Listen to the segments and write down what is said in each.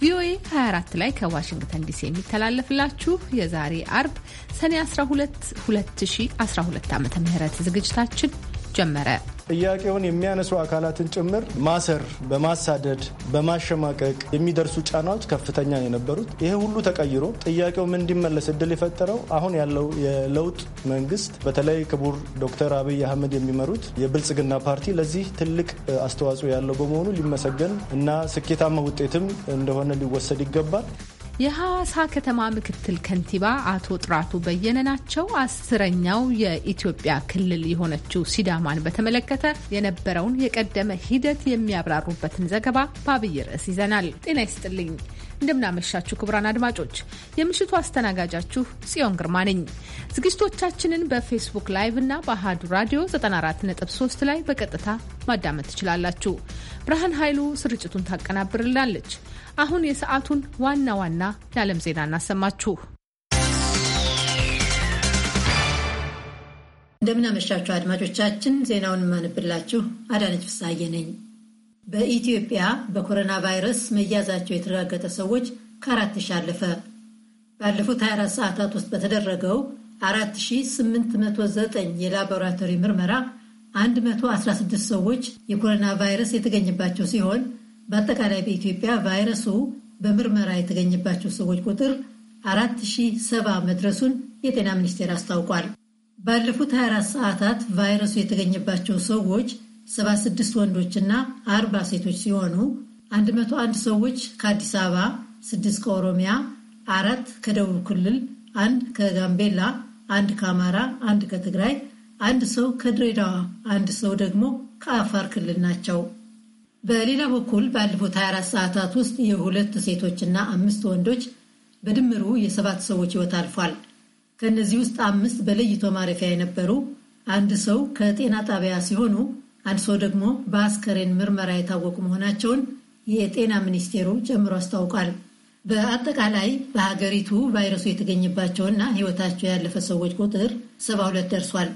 ቪኦኤ 24 ላይ ከዋሽንግተን ዲሲ የሚተላለፍላችሁ የዛሬ አርብ ሰኔ 12 2012 ዓ ም ዝግጅታችን ጀመረ። ጥያቄውን የሚያነሱ አካላትን ጭምር ማሰር፣ በማሳደድ በማሸማቀቅ የሚደርሱ ጫናዎች ከፍተኛ የነበሩት። ይሄ ሁሉ ተቀይሮ ጥያቄውም እንዲመለስ እድል የፈጠረው አሁን ያለው የለውጥ መንግስት በተለይ ክቡር ዶክተር አብይ አህመድ የሚመሩት የብልጽግና ፓርቲ ለዚህ ትልቅ አስተዋጽኦ ያለው በመሆኑ ሊመሰገን እና ስኬታማ ውጤትም እንደሆነ ሊወሰድ ይገባል። የሐዋሳ ከተማ ምክትል ከንቲባ አቶ ጥራቱ በየነ ናቸው። አስረኛው የኢትዮጵያ ክልል የሆነችው ሲዳማን በተመለከተ የነበረውን የቀደመ ሂደት የሚያብራሩበትን ዘገባ በአብይ ርዕስ ይዘናል። ጤና ይስጥልኝ። እንደምናመሻችሁ ክቡራን አድማጮች፣ የምሽቱ አስተናጋጃችሁ ጽዮን ግርማ ነኝ። ዝግጅቶቻችንን በፌስቡክ ላይቭ እና በአሃዱ ራዲዮ 943 ላይ በቀጥታ ማዳመጥ ትችላላችሁ። ብርሃን ኃይሉ ስርጭቱን ታቀናብርላለች። አሁን የሰዓቱን ዋና ዋና የዓለም ዜና እናሰማችሁ። እንደምናመሻችሁ አድማጮቻችን፣ ዜናውን የማንብላችሁ አዳነች ፍሳዬ ነኝ። በኢትዮጵያ በኮሮና ቫይረስ መያዛቸው የተረጋገጠ ሰዎች ከአራት ሺህ አለፈ። ባለፉት 24 ሰዓታት ውስጥ በተደረገው 4809 የላቦራቶሪ ምርመራ 116 ሰዎች የኮሮና ቫይረስ የተገኘባቸው ሲሆን በአጠቃላይ በኢትዮጵያ ቫይረሱ በምርመራ የተገኘባቸው ሰዎች ቁጥር 4070 መድረሱን የጤና ሚኒስቴር አስታውቋል። ባለፉት 24 ሰዓታት ቫይረሱ የተገኘባቸው ሰዎች 76 ወንዶችና 40 ሴቶች ሲሆኑ 101 ሰዎች ከአዲስ አበባ፣ 6 ከኦሮሚያ፣ አራት ከደቡብ ክልል፣ አንድ ከጋምቤላ፣ አንድ ከአማራ፣ አንድ ከትግራይ፣ አንድ ሰው ከድሬዳዋ፣ አንድ ሰው ደግሞ ከአፋር ክልል ናቸው። በሌላ በኩል ባለፉት 24 ሰዓታት ውስጥ የሁለት ሴቶችና አምስት ወንዶች በድምሩ የሰባት ሰዎች ሕይወት አልፏል። ከእነዚህ ውስጥ አምስት በለይቶ ማረፊያ የነበሩ፣ አንድ ሰው ከጤና ጣቢያ ሲሆኑ ሰው ደግሞ በአስከሬን ምርመራ የታወቁ መሆናቸውን የጤና ሚኒስቴሩ ጨምሮ አስታውቋል። በአጠቃላይ በሀገሪቱ ቫይረሱ የተገኘባቸውና ሕይወታቸው ያለፈ ሰዎች ቁጥር 72 ደርሷል።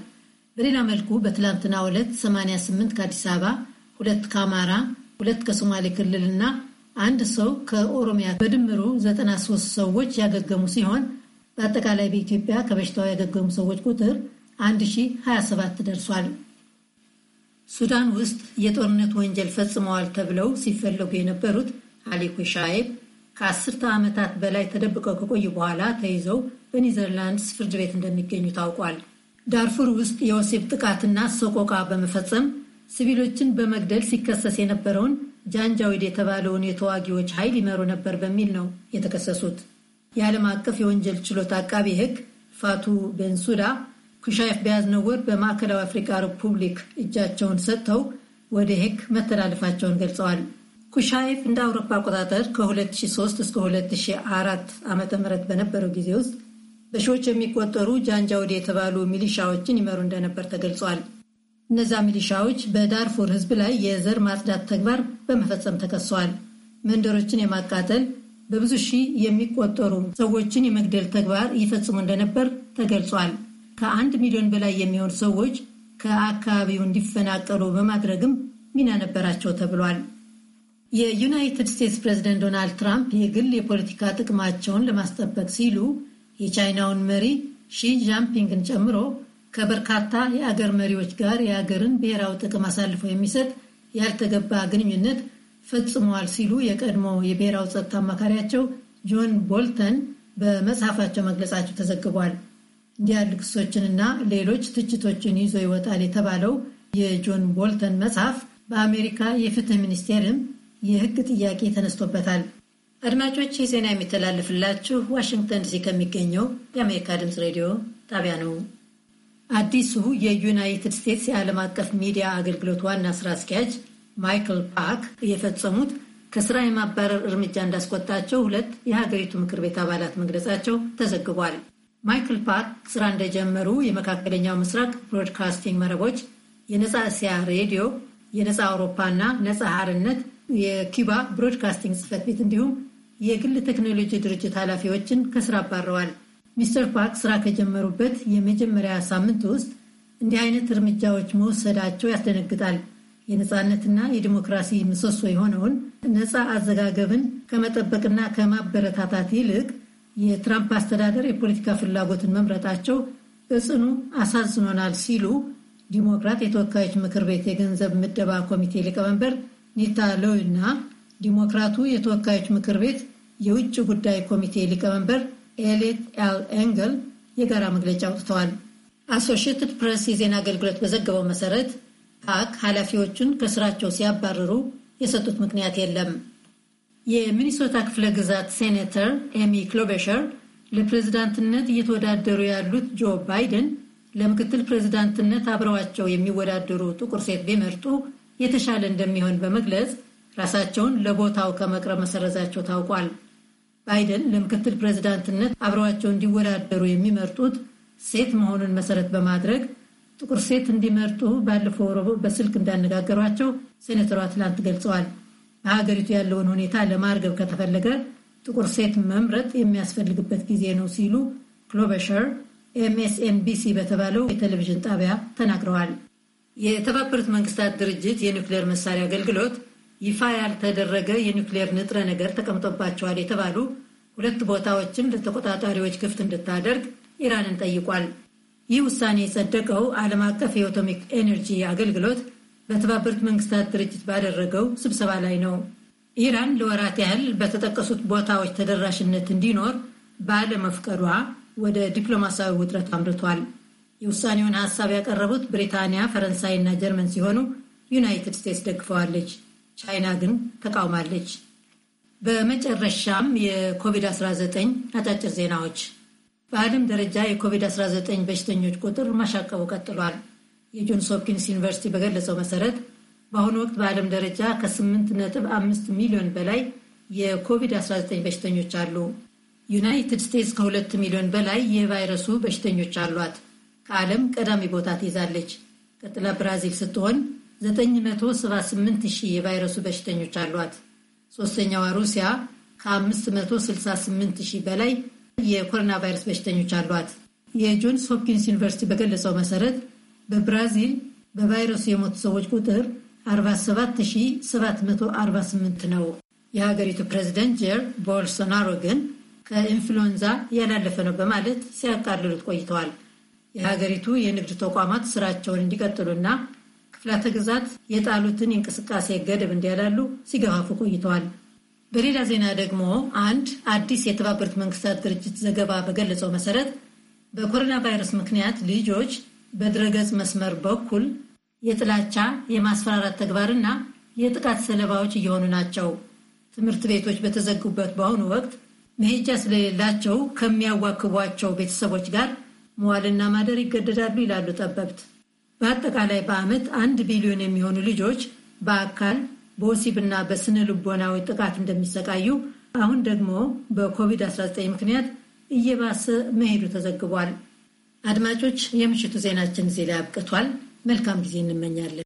በሌላ መልኩ በትላንትና ዕለት 88 ከአዲስ አበባ፣ ሁለት ከአማራ፣ ሁለት ከሶማሌ ክልል እና አንድ ሰው ከኦሮሚያ በድምሩ 93 ሰዎች ያገገሙ ሲሆን በአጠቃላይ በኢትዮጵያ ከበሽታው ያገገሙ ሰዎች ቁጥር 1027 ደርሷል። ሱዳን ውስጥ የጦርነት ወንጀል ፈጽመዋል ተብለው ሲፈለጉ የነበሩት አሊ ሻይብ ከአስርተ ዓመታት በላይ ተደብቀው ከቆዩ በኋላ ተይዘው በኒዘርላንድስ ፍርድ ቤት እንደሚገኙ ታውቋል። ዳርፉር ውስጥ የወሲብ ጥቃትና ሰቆቃ በመፈጸም ሲቪሎችን በመግደል ሲከሰስ የነበረውን ጃንጃዊድ የተባለውን የተዋጊዎች ኃይል ይመሩ ነበር በሚል ነው የተከሰሱት። የዓለም አቀፍ የወንጀል ችሎት አቃቢ ሕግ ፋቱ ቤንሱዳ ኩሻይፍ በያዝነው ወር በማዕከላዊ አፍሪካ ሪፑብሊክ እጃቸውን ሰጥተው ወደ ሄግ መተላለፋቸውን ገልጸዋል። ኩሻይፍ እንደ አውሮፓ አቆጣጠር ከ2003 እስከ 2004 ዓ ም በነበረው ጊዜ ውስጥ በሺዎች የሚቆጠሩ ጃንጃውዴ የተባሉ ሚሊሻዎችን ይመሩ እንደነበር ተገልጿል። እነዛ ሚሊሻዎች በዳርፉር ህዝብ ላይ የዘር ማጽዳት ተግባር በመፈጸም ተከሰዋል። መንደሮችን የማቃጠል በብዙ ሺህ የሚቆጠሩ ሰዎችን የመግደል ተግባር ይፈጽሙ እንደነበር ተገልጿል። ከአንድ ሚሊዮን በላይ የሚሆኑ ሰዎች ከአካባቢው እንዲፈናቀሉ በማድረግም ሚና ነበራቸው ተብሏል። የዩናይትድ ስቴትስ ፕሬዚደንት ዶናልድ ትራምፕ የግል የፖለቲካ ጥቅማቸውን ለማስጠበቅ ሲሉ የቻይናውን መሪ ሺ ጃምፒንግን ጨምሮ ከበርካታ የአገር መሪዎች ጋር የአገርን ብሔራዊ ጥቅም አሳልፎ የሚሰጥ ያልተገባ ግንኙነት ፈጽመዋል ሲሉ የቀድሞ የብሔራዊ ጸጥታ አማካሪያቸው ጆን ቦልተን በመጽሐፋቸው መግለጻቸው ተዘግቧል። እንዲህ ክሶችንና ሌሎች ትችቶችን ይዞ ይወጣል የተባለው የጆን ቦልተን መጽሐፍ በአሜሪካ የፍትህ ሚኒስቴርም የህግ ጥያቄ ተነስቶበታል። አድማጮች ይህ ዜና የሚተላለፍላችሁ ዋሽንግተን ዲሲ ከሚገኘው የአሜሪካ ድምፅ ሬዲዮ ጣቢያ ነው። አዲሱ የዩናይትድ ስቴትስ የዓለም አቀፍ ሚዲያ አገልግሎት ዋና ስራ አስኪያጅ ማይክል ፓክ የፈጸሙት ከስራ የማባረር እርምጃ እንዳስቆጣቸው ሁለት የሀገሪቱ ምክር ቤት አባላት መግለጻቸው ተዘግቧል። ማይክል ፓክ ስራ እንደጀመሩ የመካከለኛው ምስራቅ ብሮድካስቲንግ መረቦች፣ የነፃ እስያ ሬዲዮ፣ የነፃ አውሮፓና ነፃ ሀርነት የኪባ ብሮድካስቲንግ ጽህፈት ቤት እንዲሁም የግል ቴክኖሎጂ ድርጅት ኃላፊዎችን ከስራ አባረዋል። ሚስተር ፓክ ስራ ከጀመሩበት የመጀመሪያ ሳምንት ውስጥ እንዲህ አይነት እርምጃዎች መወሰዳቸው ያስደነግጣል። የነፃነትና የዲሞክራሲ ምሰሶ የሆነውን ነፃ አዘጋገብን ከመጠበቅና ከማበረታታት ይልቅ የትራምፕ አስተዳደር የፖለቲካ ፍላጎትን መምረጣቸው እጽኑ አሳዝኖናል ሲሉ ዲሞክራት የተወካዮች ምክር ቤት የገንዘብ ምደባ ኮሚቴ ሊቀመንበር ኒታ ሎይ እና ዲሞክራቱ የተወካዮች ምክር ቤት የውጭ ጉዳይ ኮሚቴ ሊቀመንበር ኤሌት ኤል ኤንግል የጋራ መግለጫ አውጥተዋል። አሶሽትድ ፕሬስ የዜና አገልግሎት በዘገበው መሰረት ፓክ ኃላፊዎቹን ከስራቸው ሲያባርሩ የሰጡት ምክንያት የለም። የሚኒሶታ ክፍለ ግዛት ሴኔተር ኤሚ ክሎቤሸር ለፕሬዝዳንትነት እየተወዳደሩ ያሉት ጆ ባይደን ለምክትል ፕሬዝዳንትነት አብረዋቸው የሚወዳደሩ ጥቁር ሴት ቢመርጡ የተሻለ እንደሚሆን በመግለጽ ራሳቸውን ለቦታው ከመቅረብ መሰረዛቸው ታውቋል። ባይደን ለምክትል ፕሬዝዳንትነት አብረዋቸው እንዲወዳደሩ የሚመርጡት ሴት መሆኑን መሰረት በማድረግ ጥቁር ሴት እንዲመርጡ ባለፈው ረቡዕ በስልክ እንዳነጋገሯቸው ሴኔተሯ ትላንት ገልጸዋል። በሀገሪቱ ያለውን ሁኔታ ለማርገብ ከተፈለገ ጥቁር ሴት መምረጥ የሚያስፈልግበት ጊዜ ነው ሲሉ ክሎበሸር ኤምኤስኤንቢሲ በተባለው የቴሌቪዥን ጣቢያ ተናግረዋል። የተባበሩት መንግስታት ድርጅት የኒክሌር መሳሪያ አገልግሎት ይፋ ያልተደረገ የኒውክሌር ንጥረ ነገር ተቀምጦባቸዋል የተባሉ ሁለት ቦታዎችን ለተቆጣጣሪዎች ክፍት እንድታደርግ ኢራንን ጠይቋል። ይህ ውሳኔ የጸደቀው ዓለም አቀፍ የአቶሚክ ኤነርጂ አገልግሎት በተባበሩት መንግስታት ድርጅት ባደረገው ስብሰባ ላይ ነው። ኢራን ለወራት ያህል በተጠቀሱት ቦታዎች ተደራሽነት እንዲኖር ባለመፍቀዷ ወደ ዲፕሎማሲያዊ ውጥረት አምርቷል። የውሳኔውን ሀሳብ ያቀረቡት ብሪታንያ፣ እና ጀርመን ሲሆኑ ዩናይትድ ስቴትስ ደግፈዋለች። ቻይና ግን ተቃውማለች። በመጨረሻም የኮቪድ-19 አጫጭር ዜናዎች። በዓለም ደረጃ የኮቪድ-19 በሽተኞች ቁጥር ማሻቀቡ ቀጥሏል። የጆንስ ሆፕኪንስ ዩኒቨርሲቲ በገለጸው መሰረት በአሁኑ ወቅት በዓለም ደረጃ ከ8.5 ሚሊዮን በላይ የኮቪድ-19 በሽተኞች አሉ። ዩናይትድ ስቴትስ ከ2 ሚሊዮን በላይ የቫይረሱ በሽተኞች አሏት። ከዓለም ቀዳሚ ቦታ ትይዛለች። ቀጥላ ብራዚል ስትሆን 978 ሺህ የቫይረሱ በሽተኞች አሏት። ሶስተኛዋ ሩሲያ ከ568 ሺህ በላይ የኮሮና ቫይረስ በሽተኞች አሏት። የጆንስ ሆፕኪንስ ዩኒቨርሲቲ በገለጸው መሰረት በብራዚል በቫይረሱ የሞቱ ሰዎች ቁጥር 47748 ነው። የሀገሪቱ ፕሬዚደንት ጀር ቦልሶናሮ ግን ከኢንፍሉዌንዛ ያላለፈ ነው በማለት ሲያቃልሉት ቆይተዋል። የሀገሪቱ የንግድ ተቋማት ስራቸውን እንዲቀጥሉና ክፍላተ ግዛት የጣሉትን የእንቅስቃሴ ገደብ እንዲያላሉ ሲገፋፉ ቆይተዋል። በሌላ ዜና ደግሞ አንድ አዲስ የተባበሩት መንግስታት ድርጅት ዘገባ በገለጸው መሰረት በኮሮና ቫይረስ ምክንያት ልጆች በድረገጽ መስመር በኩል የጥላቻ የማስፈራራት ተግባርና የጥቃት ሰለባዎች እየሆኑ ናቸው። ትምህርት ቤቶች በተዘጉበት በአሁኑ ወቅት መሄጃ ስለሌላቸው ከሚያዋክቧቸው ቤተሰቦች ጋር መዋልና ማደር ይገደዳሉ ይላሉ ጠበብት። በአጠቃላይ በዓመት አንድ ቢሊዮን የሚሆኑ ልጆች በአካል በወሲብና በስነ ልቦናዊ ጥቃት እንደሚሰቃዩ አሁን ደግሞ በኮቪድ-19 ምክንያት እየባሰ መሄዱ ተዘግቧል። አድማጮች፣ የምሽቱ ዜናችን እዚህ ላይ አብቅቷል። መልካም ጊዜ እንመኛለን።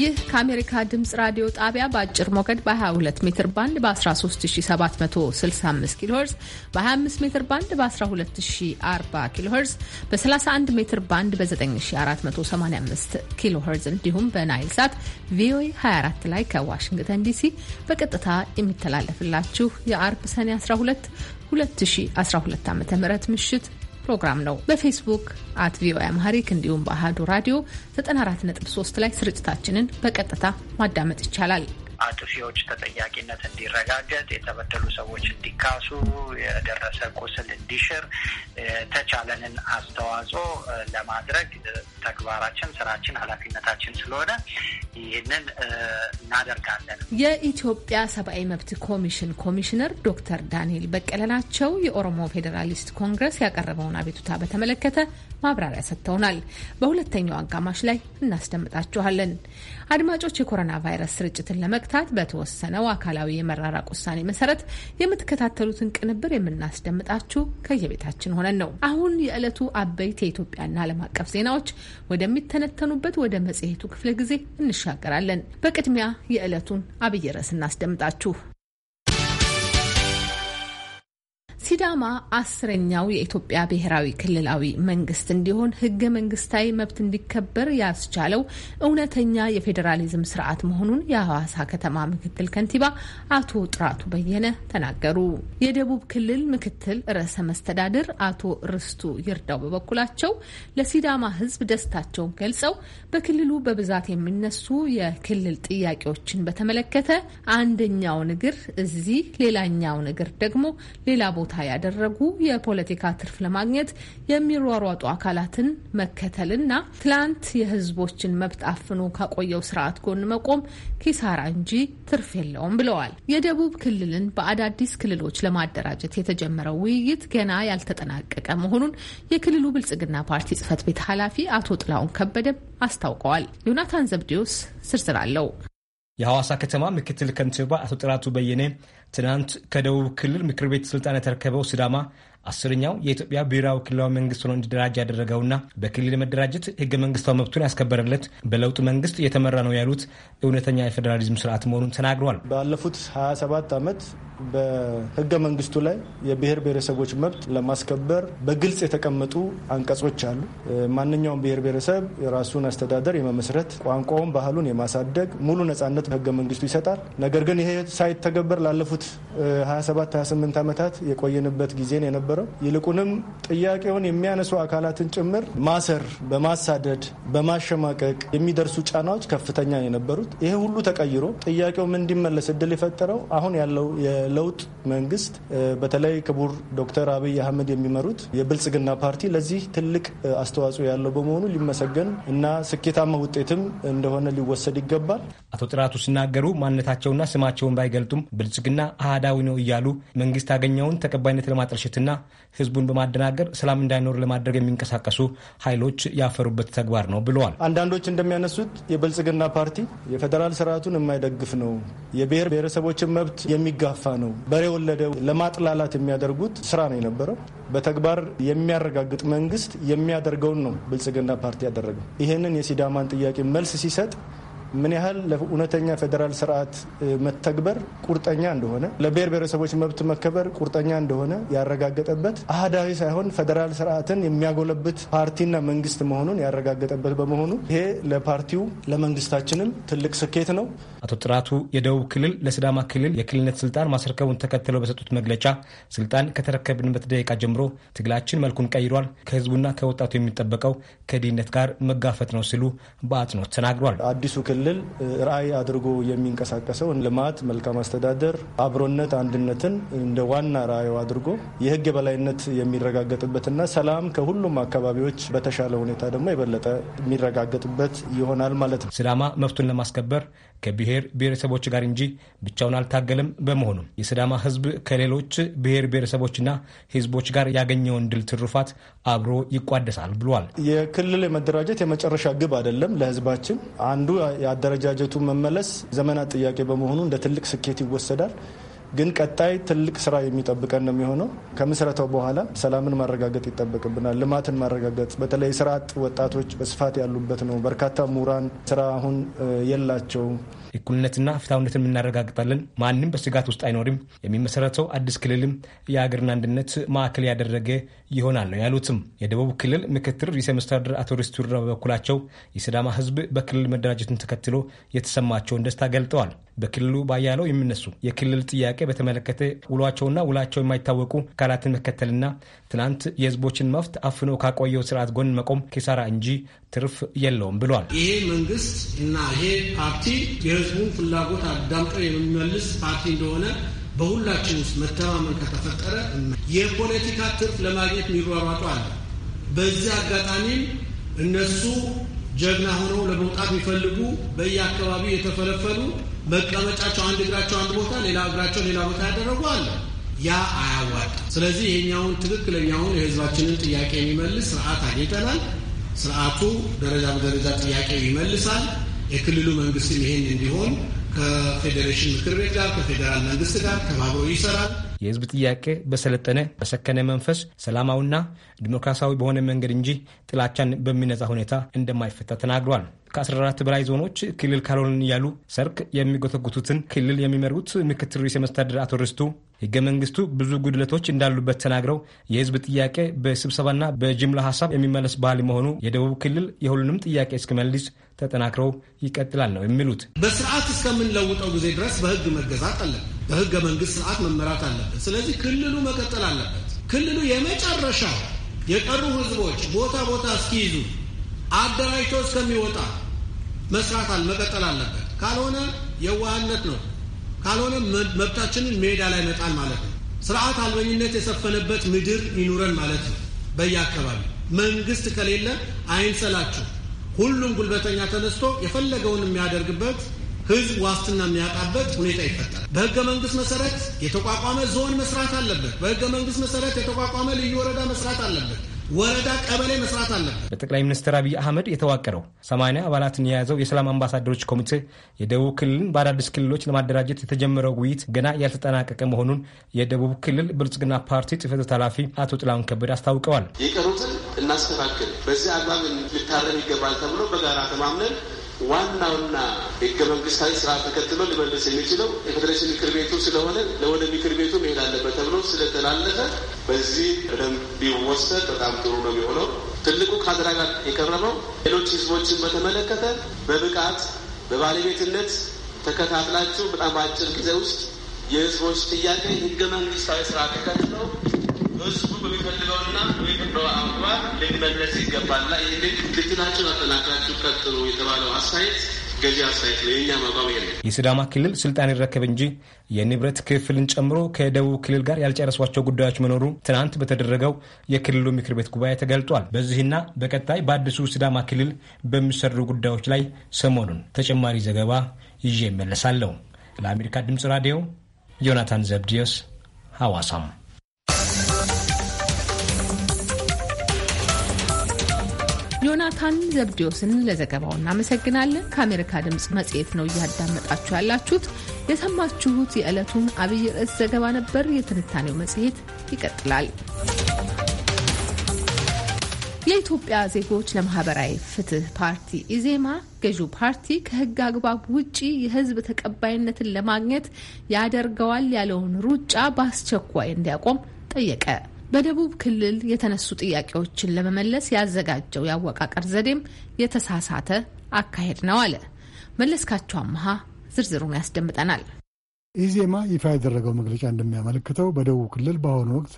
ይህ ከአሜሪካ ድምጽ ራዲዮ ጣቢያ በአጭር ሞገድ በ22 ሜትር ባንድ በ13765 ኪሎ ሄርዝ በ25 ሜትር ባንድ በ1240 ኪሎ ሄርዝ በ31 ሜትር ባንድ በ9485 ኪሎ ሄርዝ እንዲሁም በናይል ሳት ቪኦኤ 24 ላይ ከዋሽንግተን ዲሲ በቀጥታ የሚተላለፍላችሁ የአርብ ሰኔ 12 2012 ዓ ም ምሽት ፕሮግራም ነው። በፌስቡክ አት ቪኦኤ አምሃሪክ እንዲሁም በአህዱ ራዲዮ 94.3 ላይ ስርጭታችንን በቀጥታ ማዳመጥ ይቻላል። አጥፊዎች ተጠያቂነት እንዲረጋገጥ፣ የተበደሉ ሰዎች እንዲካሱ፣ የደረሰ ቁስል እንዲሽር፣ ተቻለንን አስተዋጽኦ ለማድረግ ተግባራችን፣ ስራችን፣ ኃላፊነታችን ስለሆነ ይህንን እናደርጋለን። የኢትዮጵያ ሰብአዊ መብት ኮሚሽን ኮሚሽነር ዶክተር ዳንኤል በቀለ ናቸው። የኦሮሞ ፌዴራሊስት ኮንግረስ ያቀረበውን አቤቱታ በተመለከተ ማብራሪያ ሰጥተውናል። በሁለተኛው አጋማሽ ላይ እናስደምጣችኋለን። አድማጮች፣ የኮሮና ቫይረስ ስርጭትን ለመግታት በተወሰነው አካላዊ የመራራቅ ውሳኔ መሰረት የምትከታተሉትን ቅንብር የምናስደምጣችሁ ከየቤታችን ሆነን ነው። አሁን የዕለቱ አበይት የኢትዮጵያና ዓለም አቀፍ ዜናዎች ወደሚተነተኑበት ወደ መጽሔቱ ክፍለ ጊዜ እንሻገራለን። በቅድሚያ የዕለቱን አብይ ርዕስ እናስደምጣችሁ። ሲዳማ አስረኛው የኢትዮጵያ ብሔራዊ ክልላዊ መንግስት እንዲሆን ህገ መንግስታዊ መብት እንዲከበር ያስቻለው እውነተኛ የፌዴራሊዝም ስርዓት መሆኑን የሐዋሳ ከተማ ምክትል ከንቲባ አቶ ጥራቱ በየነ ተናገሩ። የደቡብ ክልል ምክትል ርዕሰ መስተዳድር አቶ ርስቱ ይርዳው በበኩላቸው ለሲዳማ ህዝብ ደስታቸውን ገልጸው በክልሉ በብዛት የሚነሱ የክልል ጥያቄዎችን በተመለከተ አንደኛውን እግር እዚህ ሌላኛውን እግር ደግሞ ሌላ ቦታ ቦታ ያደረጉ የፖለቲካ ትርፍ ለማግኘት የሚሯሯጡ አካላትን መከተልና ትላንት የህዝቦችን መብት አፍኖ ካቆየው ስርዓት ጎን መቆም ኪሳራ እንጂ ትርፍ የለውም ብለዋል። የደቡብ ክልልን በአዳዲስ ክልሎች ለማደራጀት የተጀመረው ውይይት ገና ያልተጠናቀቀ መሆኑን የክልሉ ብልጽግና ፓርቲ ጽህፈት ቤት ኃላፊ አቶ ጥላሁን ከበደ አስታውቀዋል። ዮናታን ዘብዲዮስ ስርስር አለው። የሐዋሳ ከተማ ምክትል ከንቲባ አቶ ጥራቱ በየኔ ትናንት ከደቡብ ክልል ምክር ቤት ስልጣን የተረከበው ሲዳማ አስረኛው የኢትዮጵያ ብሔራዊ ክልላዊ መንግስት ሆኖ እንዲደራጅ ያደረገውና በክልል መደራጀት ህገ መንግስታዊ መብቱን ያስከበረለት በለውጥ መንግስት የተመራ ነው ያሉት እውነተኛ የፌዴራሊዝም ስርዓት መሆኑን ተናግረዋል። ባለፉት 27 ዓመት በህገ መንግስቱ ላይ የብሔር ብሔረሰቦች መብት ለማስከበር በግልጽ የተቀመጡ አንቀጾች አሉ። ማንኛውም ብሔር ብሔረሰብ የራሱን አስተዳደር የመመስረት ቋንቋውን፣ ባህሉን የማሳደግ ሙሉ ነጻነት ህገ መንግስቱ ይሰጣል። ነገር ግን ይሄ ሳይተገበር ላለፉት 27 28 ዓመታት የቆየንበት ጊዜ የነበረ የነበረው። ይልቁንም ጥያቄውን የሚያነሱ አካላትን ጭምር ማሰር፣ በማሳደድ በማሸማቀቅ የሚደርሱ ጫናዎች ከፍተኛ የነበሩት ይሄ ሁሉ ተቀይሮ ጥያቄውም እንዲመለስ እድል የፈጠረው አሁን ያለው የለውጥ መንግስት በተለይ ክቡር ዶክተር አብይ አህመድ የሚመሩት የብልጽግና ፓርቲ ለዚህ ትልቅ አስተዋጽኦ ያለው በመሆኑ ሊመሰገን እና ስኬታማ ውጤትም እንደሆነ ሊወሰድ ይገባል። አቶ ጥራቱ ሲናገሩ ማንነታቸውና ስማቸውን ባይገልጡም ብልጽግና አህዳዊ ነው እያሉ መንግስት ያገኘውን ተቀባይነት ለማጠልሸትና ህዝቡን በማደናገር ሰላም እንዳይኖር ለማድረግ የሚንቀሳቀሱ ኃይሎች ያፈሩበት ተግባር ነው ብለዋል። አንዳንዶች እንደሚያነሱት የብልጽግና ፓርቲ የፌዴራል ስርዓቱን የማይደግፍ ነው፣ የብሔር ብሔረሰቦችን መብት የሚጋፋ ነው፣ በሬ ወለደው ለማጥላላት የሚያደርጉት ስራ ነው የነበረው። በተግባር የሚያረጋግጥ መንግስት የሚያደርገውን ነው ብልጽግና ፓርቲ ያደረገው። ይህንን የሲዳማን ጥያቄ መልስ ሲሰጥ ምን ያህል ለእውነተኛ ፌዴራል ስርዓት መተግበር ቁርጠኛ እንደሆነ ለብሔር ብሔረሰቦች መብት መከበር ቁርጠኛ እንደሆነ ያረጋገጠበት አህዳዊ ሳይሆን ፌዴራል ስርዓትን የሚያጎለብት ፓርቲና መንግስት መሆኑን ያረጋገጠበት በመሆኑ ይሄ ለፓርቲው ለመንግስታችንም ትልቅ ስኬት ነው። አቶ ጥራቱ የደቡብ ክልል ለስዳማ ክልል የክልልነት ስልጣን ማስረከቡን ተከትሎ በሰጡት መግለጫ ስልጣን ከተረከብንበት ደቂቃ ጀምሮ ትግላችን መልኩን ቀይሯል፣ ከህዝቡና ከወጣቱ የሚጠበቀው ከድህነት ጋር መጋፈጥ ነው ሲሉ በአጽንኦት ተናግሯል። አዲሱ ክልል ክልል ራዕይ አድርጎ የሚንቀሳቀሰው ልማት፣ መልካም አስተዳደር፣ አብሮነት፣ አንድነትን እንደ ዋና ራዕዩ አድርጎ የህግ የበላይነት የሚረጋገጥበትና ሰላም ከሁሉም አካባቢዎች በተሻለ ሁኔታ ደግሞ የበለጠ የሚረጋገጥበት ይሆናል ማለት ነው። ሲዳማ መብቱን ለማስከበር ከብሔር ብሔረሰቦች ጋር እንጂ ብቻውን አልታገለም። በመሆኑም የስዳማ ህዝብ ከሌሎች ብሔር ብሔረሰቦችና ህዝቦች ጋር ያገኘውን ድል ትሩፋት አብሮ ይቋደሳል ብሏል። የክልል የመደራጀት የመጨረሻ ግብ አይደለም። ለህዝባችን አንዱ የአደረጃጀቱ መመለስ ዘመናት ጥያቄ በመሆኑ እንደ ትልቅ ስኬት ይወሰዳል። ግን ቀጣይ ትልቅ ስራ የሚጠብቀን ነው የሚሆነው። ከምስረታው በኋላ ሰላምን ማረጋገጥ ይጠበቅብናል፣ ልማትን ማረጋገጥ። በተለይ ስራ አጥ ወጣቶች በስፋት ያሉበት ነው። በርካታ ምሁራን ስራ አሁን የላቸው እኩልነትና ፍትሐዊነትን እናረጋግጣለን። ማንም በስጋት ውስጥ አይኖርም። የሚመሰረተው አዲስ ክልልም የሀገርን አንድነት ማዕከል ያደረገ ይሆናል ነው ያሉትም። የደቡብ ክልል ምክትል ርዕሰ መስተዳድር አቶ ሪስቱ ይርዳው በበኩላቸው የሲዳማ ህዝብ በክልል መደራጀቱን ተከትሎ የተሰማቸውን ደስታ ገልጠዋል። በክልሉ ባያለው የሚነሱ የክልል ጥያቄ በተመለከተ ውሏቸውና ውላቸው የማይታወቁ አካላትን መከተልና ትናንት የህዝቦችን መፍት አፍኖ ካቆየው ስርዓት ጎን መቆም ኪሳራ እንጂ ትርፍ የለውም ብሏል። ይሄ መንግስት እና ይሄ ፓርቲ የህዝቡን ፍላጎት አዳምጦ የሚመልስ ፓርቲ እንደሆነ በሁላችን ውስጥ መተማመን ከተፈጠረ የፖለቲካ ትርፍ ለማግኘት የሚሯሯጡ አለ። በዚህ አጋጣሚም እነሱ ጀግና ሆነው ለመውጣት የሚፈልጉ በየአካባቢው የተፈለፈሉ መቀመጫቸው አንድ እግራቸው አንድ ቦታ፣ ሌላ እግራቸው ሌላ ቦታ ያደረጉ አለ። ያ አያዋጣም። ስለዚህ ይሄኛውን ትክክለኛውን የህዝባችንን ጥያቄ የሚመልስ ስርዓት አግኝተናል። ስርዓቱ ደረጃ በደረጃ ጥያቄ ይመልሳል። የክልሉ መንግስትም ይሄን እንዲሆን ከፌዴሬሽን ምክር ቤት ጋር ከፌዴራል መንግስት ጋር ተባብሮ ይሰራል። የህዝብ ጥያቄ በሰለጠነ በሰከነ መንፈስ ሰላማዊና ዲሞክራሲያዊ በሆነ መንገድ እንጂ ጥላቻን በሚነጻ ሁኔታ እንደማይፈታ ተናግሯል። ከ14 በላይ ዞኖች ክልል ካልሆንን እያሉ ሰርክ የሚጎተጉቱትን ክልል የሚመሩት ምክትል ርዕሰ መስተዳድር አቶ ርስቱ ህገ መንግስቱ ብዙ ጉድለቶች እንዳሉበት ተናግረው የህዝብ ጥያቄ በስብሰባና በጅምላ ሀሳብ የሚመለስ ባህል መሆኑ የደቡብ ክልል የሁሉንም ጥያቄ እስክመልስ ተጠናክረው ይቀጥላል ነው የሚሉት። በስርዓት እስከምንለውጠው ጊዜ ድረስ በህግ መገዛት አለን። በህገ መንግስት ስርዓት መመራት አለበት። ስለዚህ ክልሉ መቀጠል አለበት። ክልሉ የመጨረሻ የቀሩ ህዝቦች ቦታ ቦታ እስኪይዙ አደራጅቶ እስከሚወጣ መስራት መቀጠል አለበት። ካልሆነ የዋህነት ነው። ካልሆነ መብታችንን ሜዳ ላይ መጣል ማለት ነው። ስርዓት አልበኝነት የሰፈነበት ምድር ይኑረን ማለት ነው። በየአካባቢ መንግስት ከሌለ አይንሰላችሁ። ሁሉም ጉልበተኛ ተነስቶ የፈለገውን የሚያደርግበት ህዝብ ዋስትና የሚያጣበት ሁኔታ ይፈጠራል። በህገ መንግስት መሰረት የተቋቋመ ዞን መስራት አለበት። በህገ መንግስት መሰረት የተቋቋመ ልዩ ወረዳ መስራት አለበት። ወረዳ፣ ቀበሌ መስራት አለበት። በጠቅላይ ሚኒስትር አብይ አህመድ የተዋቀረው ሰማንያ አባላትን የያዘው የሰላም አምባሳደሮች ኮሚቴ የደቡብ ክልልን በአዳዲስ ክልሎች ለማደራጀት የተጀመረው ውይይት ገና ያልተጠናቀቀ መሆኑን የደቡብ ክልል ብልጽግና ፓርቲ ጽሕፈት ቤት ኃላፊ አቶ ጥላሁን ከበድ አስታውቀዋል። የቀሩትን እናስተካክል፣ በዚህ አግባብ ልታረም ይገባል ተብሎ በጋራ ተማምነን ዋናውና ህገ መንግስታዊ ስርዓት ተከትሎ ሊመልስ የሚችለው የፌዴሬሽን ምክር ቤቱ ስለሆነ ለወደ ምክር ቤቱ መሄድ አለበት ተብሎ ስለተላለፈ በዚህ በደንብ ቢወሰድ በጣም ጥሩ ነው የሚሆነው። ትልቁ ካድራ ጋር የቀረበው ሌሎች ህዝቦችን በተመለከተ በብቃት በባለቤትነት ተከታትላችሁ በጣም በአጭር ጊዜ ውስጥ የህዝቦች ጥያቄ ህገ መንግስታዊ ስራ ተከትለው ህዝቡ በሚፈልገውና በሚፈቅደው አግባብ ሊመለስ ይገባልና ይህንን ግጭታችሁን አጠናክራችሁ ቀጥሉ የተባለው አስተያየት ገዢ ነው። የሲዳማ ክልል ስልጣን ይረከብ እንጂ የንብረት ክፍልን ጨምሮ ከደቡብ ክልል ጋር ያልጨረሷቸው ጉዳዮች መኖሩ ትናንት በተደረገው የክልሉ ምክር ቤት ጉባኤ ተገልጧል። በዚህና በቀጣይ በአዲሱ ሲዳማ ክልል በሚሰሩ ጉዳዮች ላይ ሰሞኑን ተጨማሪ ዘገባ ይዤ እመለሳለሁ። ለአሜሪካ ድምፅ ራዲዮ ዮናታን ዘብዲዮስ ሐዋሳም ዮናታን ዘብዲዮስን ለዘገባው እናመሰግናለን። ከአሜሪካ ድምፅ መጽሔት ነው እያዳመጣችሁ ያላችሁት። የሰማችሁት የዕለቱን አብይ ርዕስ ዘገባ ነበር። የትንታኔው መጽሔት ይቀጥላል። የኢትዮጵያ ዜጎች ለማህበራዊ ፍትህ ፓርቲ ኢዜማ ገዢው ፓርቲ ከህግ አግባብ ውጪ የህዝብ ተቀባይነትን ለማግኘት ያደርገዋል ያለውን ሩጫ በአስቸኳይ እንዲያቆም ጠየቀ። በደቡብ ክልል የተነሱ ጥያቄዎችን ለመመለስ ያዘጋጀው የአወቃቀር ዘዴም የተሳሳተ አካሄድ ነው አለ መለስካቸው አመሃ። ዝርዝሩን ያስደምጠናል። ኢዜማ ይፋ ያደረገው መግለጫ እንደሚያመለክተው በደቡብ ክልል በአሁኑ ወቅት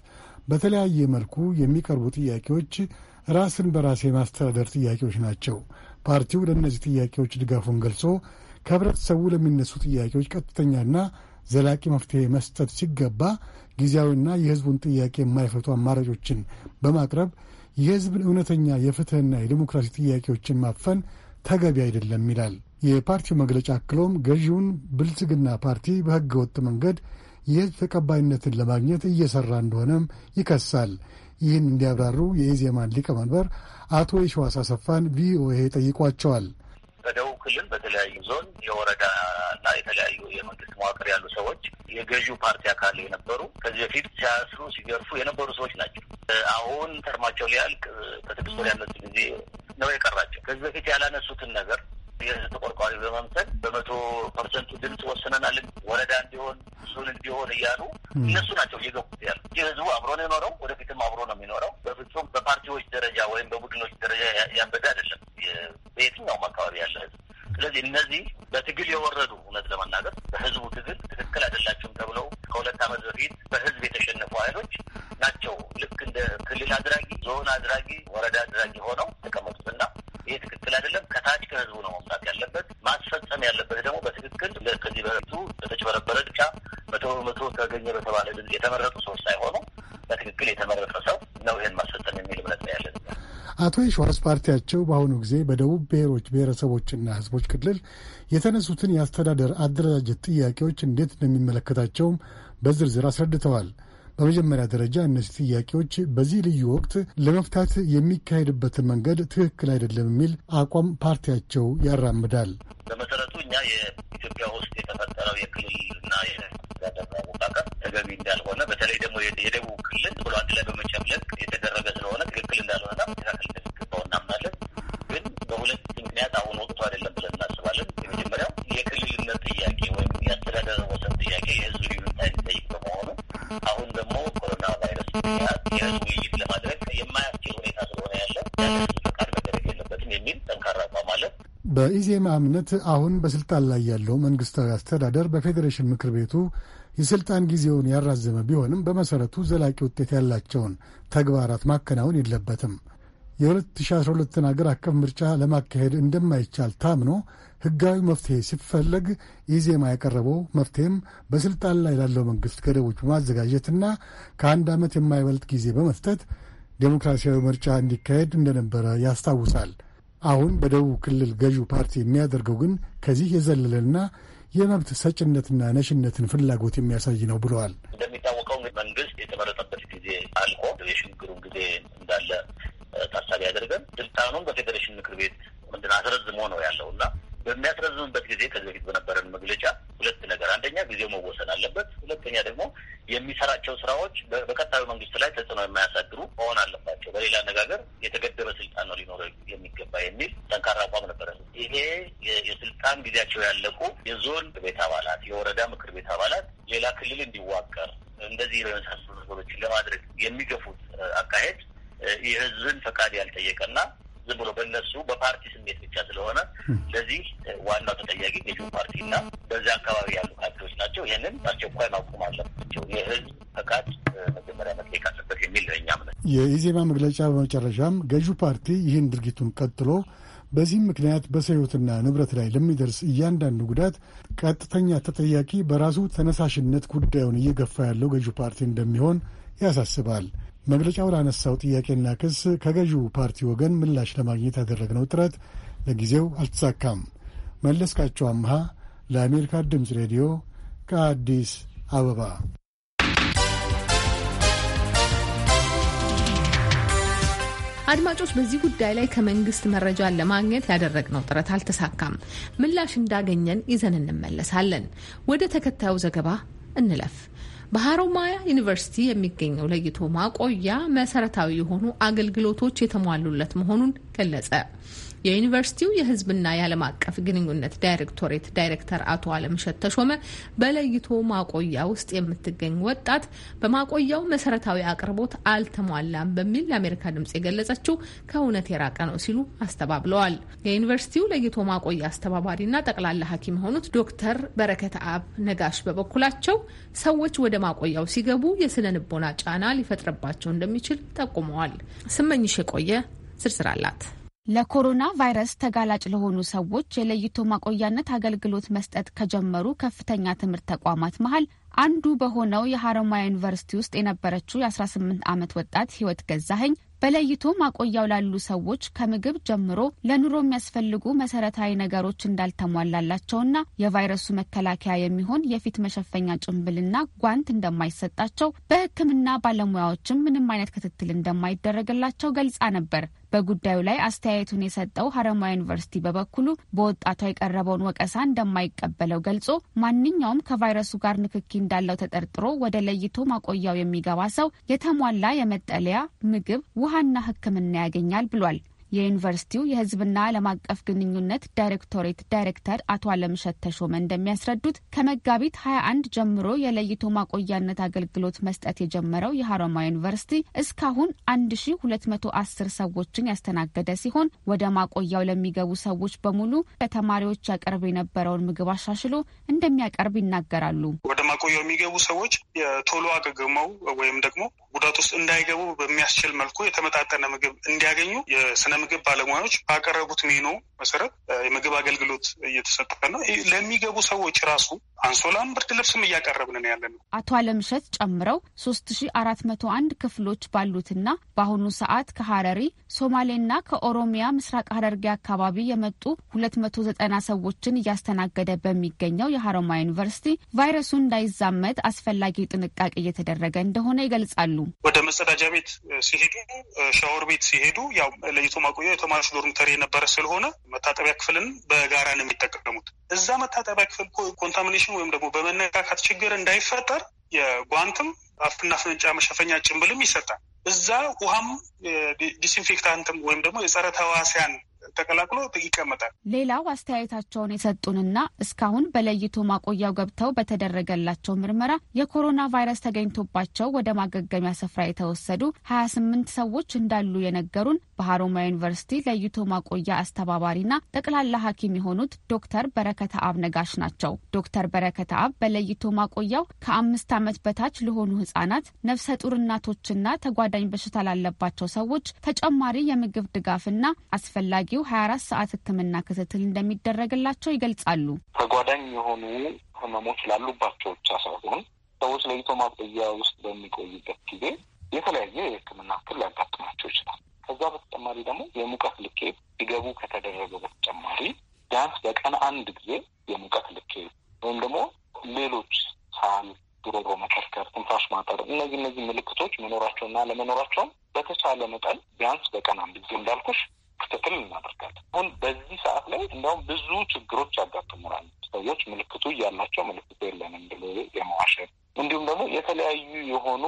በተለያየ መልኩ የሚቀርቡ ጥያቄዎች ራስን በራስ የማስተዳደር ጥያቄዎች ናቸው። ፓርቲው ለእነዚህ ጥያቄዎች ድጋፉን ገልጾ ከህብረተሰቡ ለሚነሱ ጥያቄዎች ቀጥተኛና ዘላቂ መፍትሄ መስጠት ሲገባ ጊዜያዊና የህዝቡን ጥያቄ የማይፈቱ አማራጮችን በማቅረብ የህዝብን እውነተኛ የፍትህና የዲሞክራሲ ጥያቄዎችን ማፈን ተገቢ አይደለም ይላል የፓርቲው መግለጫ። አክሎም ገዢውን ብልጽግና ፓርቲ በህገ ወጥ መንገድ የህዝብ ተቀባይነትን ለማግኘት እየሰራ እንደሆነም ይከሳል። ይህን እንዲያብራሩ የኢዜማን ሊቀመንበር አቶ የሸዋስ አሰፋን ቪኦኤ ጠይቋቸዋል። ክልል በተለያዩ ዞን፣ የወረዳ እና የተለያዩ የመንግስት መዋቅር ያሉ ሰዎች የገዢው ፓርቲ አካል የነበሩ ከዚህ በፊት ሲያስሩ ሲገርፉ የነበሩ ሰዎች ናቸው። አሁን ተርማቸው ሊያልቅ ከስድስት ወር ያነሱ ጊዜ ነው የቀራቸው። ከዚህ በፊት ያላነሱትን ነገር የህዝብ ተቆርቋሪ በመምሰል በመቶ ፐርሰንቱ ድምፅ ወስነናል፣ ወረዳ እንዲሆን እሱን እንዲሆን እያሉ እነሱ ናቸው እየገቡት ያሉ እ ህዝቡ አብሮ ነው የኖረው፣ ወደፊትም አብሮ ነው የሚኖረው። በፍጹም በፓርቲዎች ደረጃ ወይም በቡድኖች ደረጃ ያበደ አይደለም። በየትኛውም አካባቢ ያለ ህዝብ ስለዚህ እነዚህ በትግል የወረዱ እውነት ለመናገር በህዝቡ ትግል ትክክል አይደላቸውም ተብለው ከሁለት ዓመት በፊት በህዝብ የተሸነፉ ኃይሎች ናቸው። ልክ እንደ ክልል አድራጊ፣ ዞን አድራጊ፣ ወረዳ አድራጊ ሆነው ተቀመጡትና ይህ ትክክል አይደለም። ከታች ከህዝቡ ነው መምጣት ያለበት። ማስፈጸም ያለበት ደግሞ በትክክል ከዚህ በፊቱ በተጭበረበረ ድጫ መቶ በመቶ ተገኘ በተባለ ድምፅ የተመረጡ ሰዎች ሳይሆኑ በትክክል የተመረጠ ሰው ነው ይህን የሚል እምነት አቶ የሸዋስ ፓርቲያቸው በአሁኑ ጊዜ በደቡብ ብሔሮች ብሔረሰቦችና ሕዝቦች ክልል የተነሱትን የአስተዳደር አደረጃጀት ጥያቄዎች እንዴት እንደሚመለከታቸውም በዝርዝር አስረድተዋል። በመጀመሪያ ደረጃ እነዚህ ጥያቄዎች በዚህ ልዩ ወቅት ለመፍታት የሚካሄድበትን መንገድ ትክክል አይደለም የሚል አቋም ፓርቲያቸው ያራምዳል። በመሰረቱ እኛ የኢትዮጵያ ውስጥ የተፈጠረው የክልልና የአስተዳደር ተገቢ እንዳልሆነ በተለይ ደግሞ የደቡብ ክልል ብሎ አንድ ላይ በመጨምለቅ የተደረገ ስለሆነ ትክክል እንዳልሆነና ትክክል እንደሚገባው እናምናለን። በሁለት ምክንያት አሁን ወቅቱ አይደለም ብለን እናስባለን። የመጀመሪያው የክልልነት ጥያቄ ወይም የአስተዳደር ወሰን ጥያቄ የህዝብ ይሁንታ የሚጠይቅ በመሆኑ አሁን ደግሞ ኮሮና ቫይረስ ምክንያት የህዝብ ውይይት ለማድረግ የማያስችል ሁኔታ ስለሆነ ያለ ፈቃድ መደረግ የለበትም የሚል ጠንካራ አቋም አለን። በኢዜማ እምነት አሁን በስልጣን ላይ ያለው መንግስታዊ አስተዳደር በፌዴሬሽን ምክር ቤቱ የስልጣን ጊዜውን ያራዘመ ቢሆንም በመሰረቱ ዘላቂ ውጤት ያላቸውን ተግባራት ማከናወን የለበትም። የ2012ን አገር አቀፍ ምርጫ ለማካሄድ እንደማይቻል ታምኖ ሕጋዊ መፍትሄ ሲፈለግ ኢዜማ ያቀረበው መፍትሄም በስልጣን ላይ ላለው መንግሥት ገደቦች በማዘጋጀትና ከአንድ ዓመት የማይበልጥ ጊዜ በመስጠት ዴሞክራሲያዊ ምርጫ እንዲካሄድ እንደነበረ ያስታውሳል። አሁን በደቡብ ክልል ገዢው ፓርቲ የሚያደርገው ግን ከዚህ የዘለለና የመብት ሰጭነትና ነሽነትን ፍላጎት የሚያሳይ ነው ብለዋል። እንደሚታወቀው መንግስት የተመረጠበት ጊዜ አልቆ የሽግግሩን ጊዜ እንዳለ ታሳቢ ያደርገን ስልጣኑን በፌዴሬሽን ምክር ቤት ምንድን አስረዝሞ ነው ያለው እና በሚያስረዝምበት ጊዜ ከዚህ በፊት በነበረን መግለጫ ሁለት ነገር፣ አንደኛ ጊዜው መወሰን አለበት፣ ሁለተኛ ደግሞ የሚሰራቸው ስራዎች በቀጣዩ መንግስት ላይ ተጽዕኖ የማያሳድሩ መሆን አለባቸው። በሌላ አነጋገር የተገደበ ስልጣን ነው ሊኖረው የሚገባ የሚል ጠንካራ አቋም ነበረ። ይሄ የስልጣን ጊዜያቸው ያለቁ የዞን ቤት አባላት፣ የወረዳ ምክር ቤት አባላት ሌላ ክልል እንዲዋቀር እንደዚህ በመሳሰሉ ነገሮችን ለማድረግ የሚገፉት አካሄድ የህዝብን ፈቃድ ያልጠየቀና ዝም ብሎ በእነሱ በፓርቲ ስሜት ብቻ ስለሆነ ለዚህ ዋናው ተጠያቂ ገዢው እና በዛ አካባቢ ያሉ ካድሬዎች ናቸው። ይህንን አስቸኳይ ማቆም አለባቸው። የህዝብ ፈቃድ መጀመሪያ መጠየቅ አለበት የሚል ለእኛ ምነት የኢዜማ መግለጫ በመጨረሻም ገዢው ፓርቲ ይህን ድርጊቱን ቀጥሎ በዚህም ምክንያት በሰው ሕይወትና ንብረት ላይ ለሚደርስ እያንዳንዱ ጉዳት ቀጥተኛ ተጠያቂ በራሱ ተነሳሽነት ጉዳዩን እየገፋ ያለው ገዢ ፓርቲ እንደሚሆን ያሳስባል። መግለጫው ላነሳው ጥያቄና ክስ ከገዢው ፓርቲ ወገን ምላሽ ለማግኘት ያደረግነው ጥረት ለጊዜው አልተሳካም። መለስካቸው አምሃ ለአሜሪካ ድምፅ ሬዲዮ ከአዲስ አበባ። አድማጮች በዚህ ጉዳይ ላይ ከመንግስት መረጃን ለማግኘት ያደረግነው ጥረት አልተሳካም። ምላሽ እንዳገኘን ይዘን እንመለሳለን። ወደ ተከታዩ ዘገባ እንለፍ። በሀሮማያ ዩኒቨርሲቲ የሚገኘው ለይቶ ማቆያ መሰረታዊ የሆኑ አገልግሎቶች የተሟሉለት መሆኑን ገለጸ። የዩኒቨርሲቲው የህዝብና የዓለም አቀፍ ግንኙነት ዳይሬክቶሬት ዳይሬክተር አቶ አለምሸት ተሾመ በለይቶ ማቆያ ውስጥ የምትገኝ ወጣት በማቆያው መሰረታዊ አቅርቦት አልተሟላም በሚል ለአሜሪካ ድምጽ የገለጸችው ከእውነት የራቀ ነው ሲሉ አስተባብለዋል። የዩኒቨርሲቲው ለይቶ ማቆያ አስተባባሪና ጠቅላላ ሐኪም የሆኑት ዶክተር በረከት አብ ነጋሽ በበኩላቸው ሰዎች ወደ ማቆያው ሲገቡ የስነ ልቦና ጫና ሊፈጥርባቸው እንደሚችል ጠቁመዋል። ስመኝሽ የቆየ ዝርዝር አላት። ለኮሮና ቫይረስ ተጋላጭ ለሆኑ ሰዎች የለይቶ ማቆያነት አገልግሎት መስጠት ከጀመሩ ከፍተኛ ትምህርት ተቋማት መሀል አንዱ በሆነው የሐረማያ ዩኒቨርሲቲ ውስጥ የነበረችው የ18 ዓመት ወጣት ህይወት ገዛኸኝ በለይቶ ማቆያው ላሉ ሰዎች ከምግብ ጀምሮ ለኑሮ የሚያስፈልጉ መሰረታዊ ነገሮች እንዳልተሟላላቸውና የቫይረሱ መከላከያ የሚሆን የፊት መሸፈኛ ጭንብልና ጓንት እንደማይሰጣቸው በሕክምና ባለሙያዎችም ምንም አይነት ክትትል እንደማይደረግላቸው ገልጻ ነበር። በጉዳዩ ላይ አስተያየቱን የሰጠው ሀረማያ ዩኒቨርሲቲ በበኩሉ በወጣቷ የቀረበውን ወቀሳ እንደማይቀበለው ገልጾ ማንኛውም ከቫይረሱ ጋር ንክኪ እንዳለው ተጠርጥሮ ወደ ለይቶ ማቆያው የሚገባ ሰው የተሟላ የመጠለያ ምግብ፣ ውሃና ሕክምና ያገኛል ብሏል። የዩኒቨርሲቲው የህዝብና ዓለም አቀፍ ግንኙነት ዳይሬክቶሬት ዳይሬክተር አቶ አለምሸት ተሾመ እንደሚያስረዱት ከመጋቢት 21 ጀምሮ የለይቶ ማቆያነት አገልግሎት መስጠት የጀመረው የሀረማያ ዩኒቨርሲቲ እስካሁን 1210 ሰዎችን ያስተናገደ ሲሆን ወደ ማቆያው ለሚገቡ ሰዎች በሙሉ ለተማሪዎች ያቀርብ የነበረውን ምግብ አሻሽሎ እንደሚያቀርብ ይናገራሉ። ወደ ማቆያው የሚገቡ ሰዎች የቶሎ አገግመው ወይም ደግሞ ጉዳት ውስጥ እንዳይገቡ በሚያስችል መልኩ የተመጣጠነ ምግብ እንዲያገኙ የስነ ምግብ ባለሙያዎች ባቀረቡት ሜኖ መሰረት የምግብ አገልግሎት እየተሰጠ ነው። ለሚገቡ ሰዎች ራሱ አንሶላም ብርድ ልብስም እያቀረብን ነው ያለ ነው። አቶ አለምሸት ጨምረው ሶስት ሺ አራት መቶ አንድ ክፍሎች ባሉትና በአሁኑ ሰዓት ከሀረሪ ሶማሌና ከኦሮሚያ ምስራቅ ሀረርጌ አካባቢ የመጡ ሁለት መቶ ዘጠና ሰዎችን እያስተናገደ በሚገኘው የሀረማያ ዩኒቨርሲቲ ቫይረሱ እንዳይዛመት አስፈላጊ ጥንቃቄ እየተደረገ እንደሆነ ይገልጻሉ። ወደ መጸዳጃ ቤት ሲሄዱ፣ ሻወር ቤት ሲሄዱ፣ ያው ለይቶ ማቆያ የተማሪዎች ዶርሚተሪ የነበረ ስለሆነ መታጠቢያ ክፍልን በጋራ ነው የሚጠቀሙት። እዛ መታጠቢያ ክፍል ኮንታሚኔሽን ወይም ደግሞ በመነካካት ችግር እንዳይፈጠር የጓንትም አፍና አፍንጫ መሸፈኛ ጭንብልም ይሰጣል። እዛ ውሃም ዲስኢንፌክታንትም ወይም ደግሞ የጸረ ተዋሲያን ተቀላቅሎ ይቀመጣል። ሌላው አስተያየታቸውን የሰጡንና እስካሁን በለይቶ ማቆያው ገብተው በተደረገላቸው ምርመራ የኮሮና ቫይረስ ተገኝቶባቸው ወደ ማገገሚያ ስፍራ የተወሰዱ ሀያ ስምንት ሰዎች እንዳሉ የነገሩን በሀሮማያ ዩኒቨርሲቲ ለይቶ ማቆያ አስተባባሪና ጠቅላላ ሐኪም የሆኑት ዶክተር በረከተ አብ ነጋሽ ናቸው። ዶክተር በረከተ አብ በለይቶ ማቆያው ከአምስት ዓመት በታች ለሆኑ ህጻናት፣ ነፍሰ ጡር እናቶችና ተጓዳኝ በሽታ ላለባቸው ሰዎች ተጨማሪ የምግብ ድጋፍና አስፈላጊ በየጊዜው ሀያ አራት ሰዓት ህክምና ክትትል እንደሚደረግላቸው ይገልጻሉ። ተጓዳኝ የሆኑ ህመሞች ላሉባቸው ብቻ ሳይሆን ሰዎች ለይቶ ማቆያ ውስጥ በሚቆዩበት ጊዜ የተለያየ የህክምና ክል ሊያጋጥማቸው ይችላል። ከዛ በተጨማሪ ደግሞ የሙቀት ልኬት ሊገቡ ከተደረገ በተጨማሪ ቢያንስ በቀን አንድ ጊዜ የሙቀት ልኬት ወይም ደግሞ ሌሎች ሳል፣ ጉሮሮ መከርከር፣ ትንፋሽ ማጠር እነዚህ እነዚህ ምልክቶች መኖራቸውና ለመኖራቸውም በተቻለ መጠን ቢያንስ በቀን አንድ ጊዜ እንዳልኩሽ ክትትል እናደርጋለን። አሁን በዚህ ሰዓት ላይ እንዲያውም ብዙ ችግሮች ያጋጥሙናል። ሰዎች ምልክቱ እያላቸው ምልክቱ የለንም ብሎ የመዋሸት እንዲሁም ደግሞ የተለያዩ የሆኑ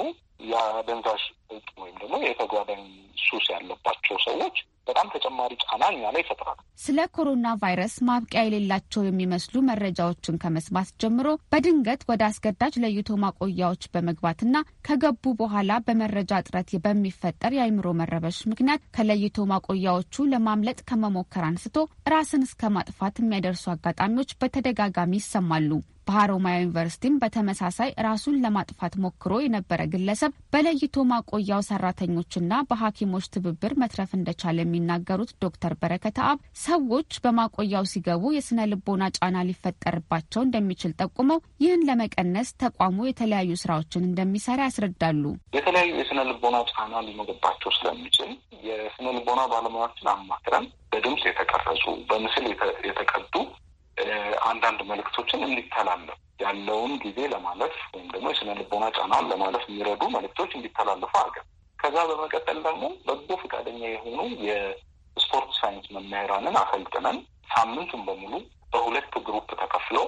የአደንዛዥ እጽ ወይም ደግሞ የተጓዳኝ ሱስ ያለባቸው ሰዎች በጣም ተጨማሪ ጫና እኛ ላይ ይፈጥራል። ስለ ኮሮና ቫይረስ ማብቂያ የሌላቸው የሚመስሉ መረጃዎችን ከመስማት ጀምሮ በድንገት ወደ አስገዳጅ ለይቶ ማቆያዎች በመግባትና ከገቡ በኋላ በመረጃ እጥረት በሚፈጠር የአይምሮ መረበሽ ምክንያት ከለይቶ ማቆያዎቹ ለማምለጥ ከመሞከር አንስቶ ራስን እስከ ማጥፋት የሚያደርሱ አጋጣሚዎች በተደጋጋሚ ይሰማሉ። በሀሮማያ ዩኒቨርሲቲም በተመሳሳይ ራሱን ለማጥፋት ሞክሮ የነበረ ግለሰብ በለይቶ ማቆያው ሰራተኞችና በሐኪሞች ትብብር መትረፍ እንደቻለ የሚናገሩት ዶክተር በረከተ አብ ሰዎች በማቆያው ሲገቡ የስነ ልቦና ጫና ሊፈጠርባቸው እንደሚችል ጠቁመው ይህን ለመቀነስ ተቋሙ የተለያዩ ስራዎችን እንደሚሰራ ያስረዳሉ። የተለያዩ የስነ ልቦና ጫና ሊኖርባቸው ስለሚችል የስነ ልቦና ባለሙያዎችን አማክረን በድምፅ የተቀረጹ በምስል የተቀዱ አንዳንድ መልእክቶችን እንዲተላለፍ ያለውን ጊዜ ለማለፍ ወይም ደግሞ የስነ ልቦና ጫናን ለማለፍ የሚረዱ መልእክቶች እንዲተላለፉ አርገ። ከዛ በመቀጠል ደግሞ በጎ ፈቃደኛ የሆኑ የስፖርት ሳይንስ መምህራንን አሰልጥነን ሳምንቱን በሙሉ በሁለት ግሩፕ ተከፍለው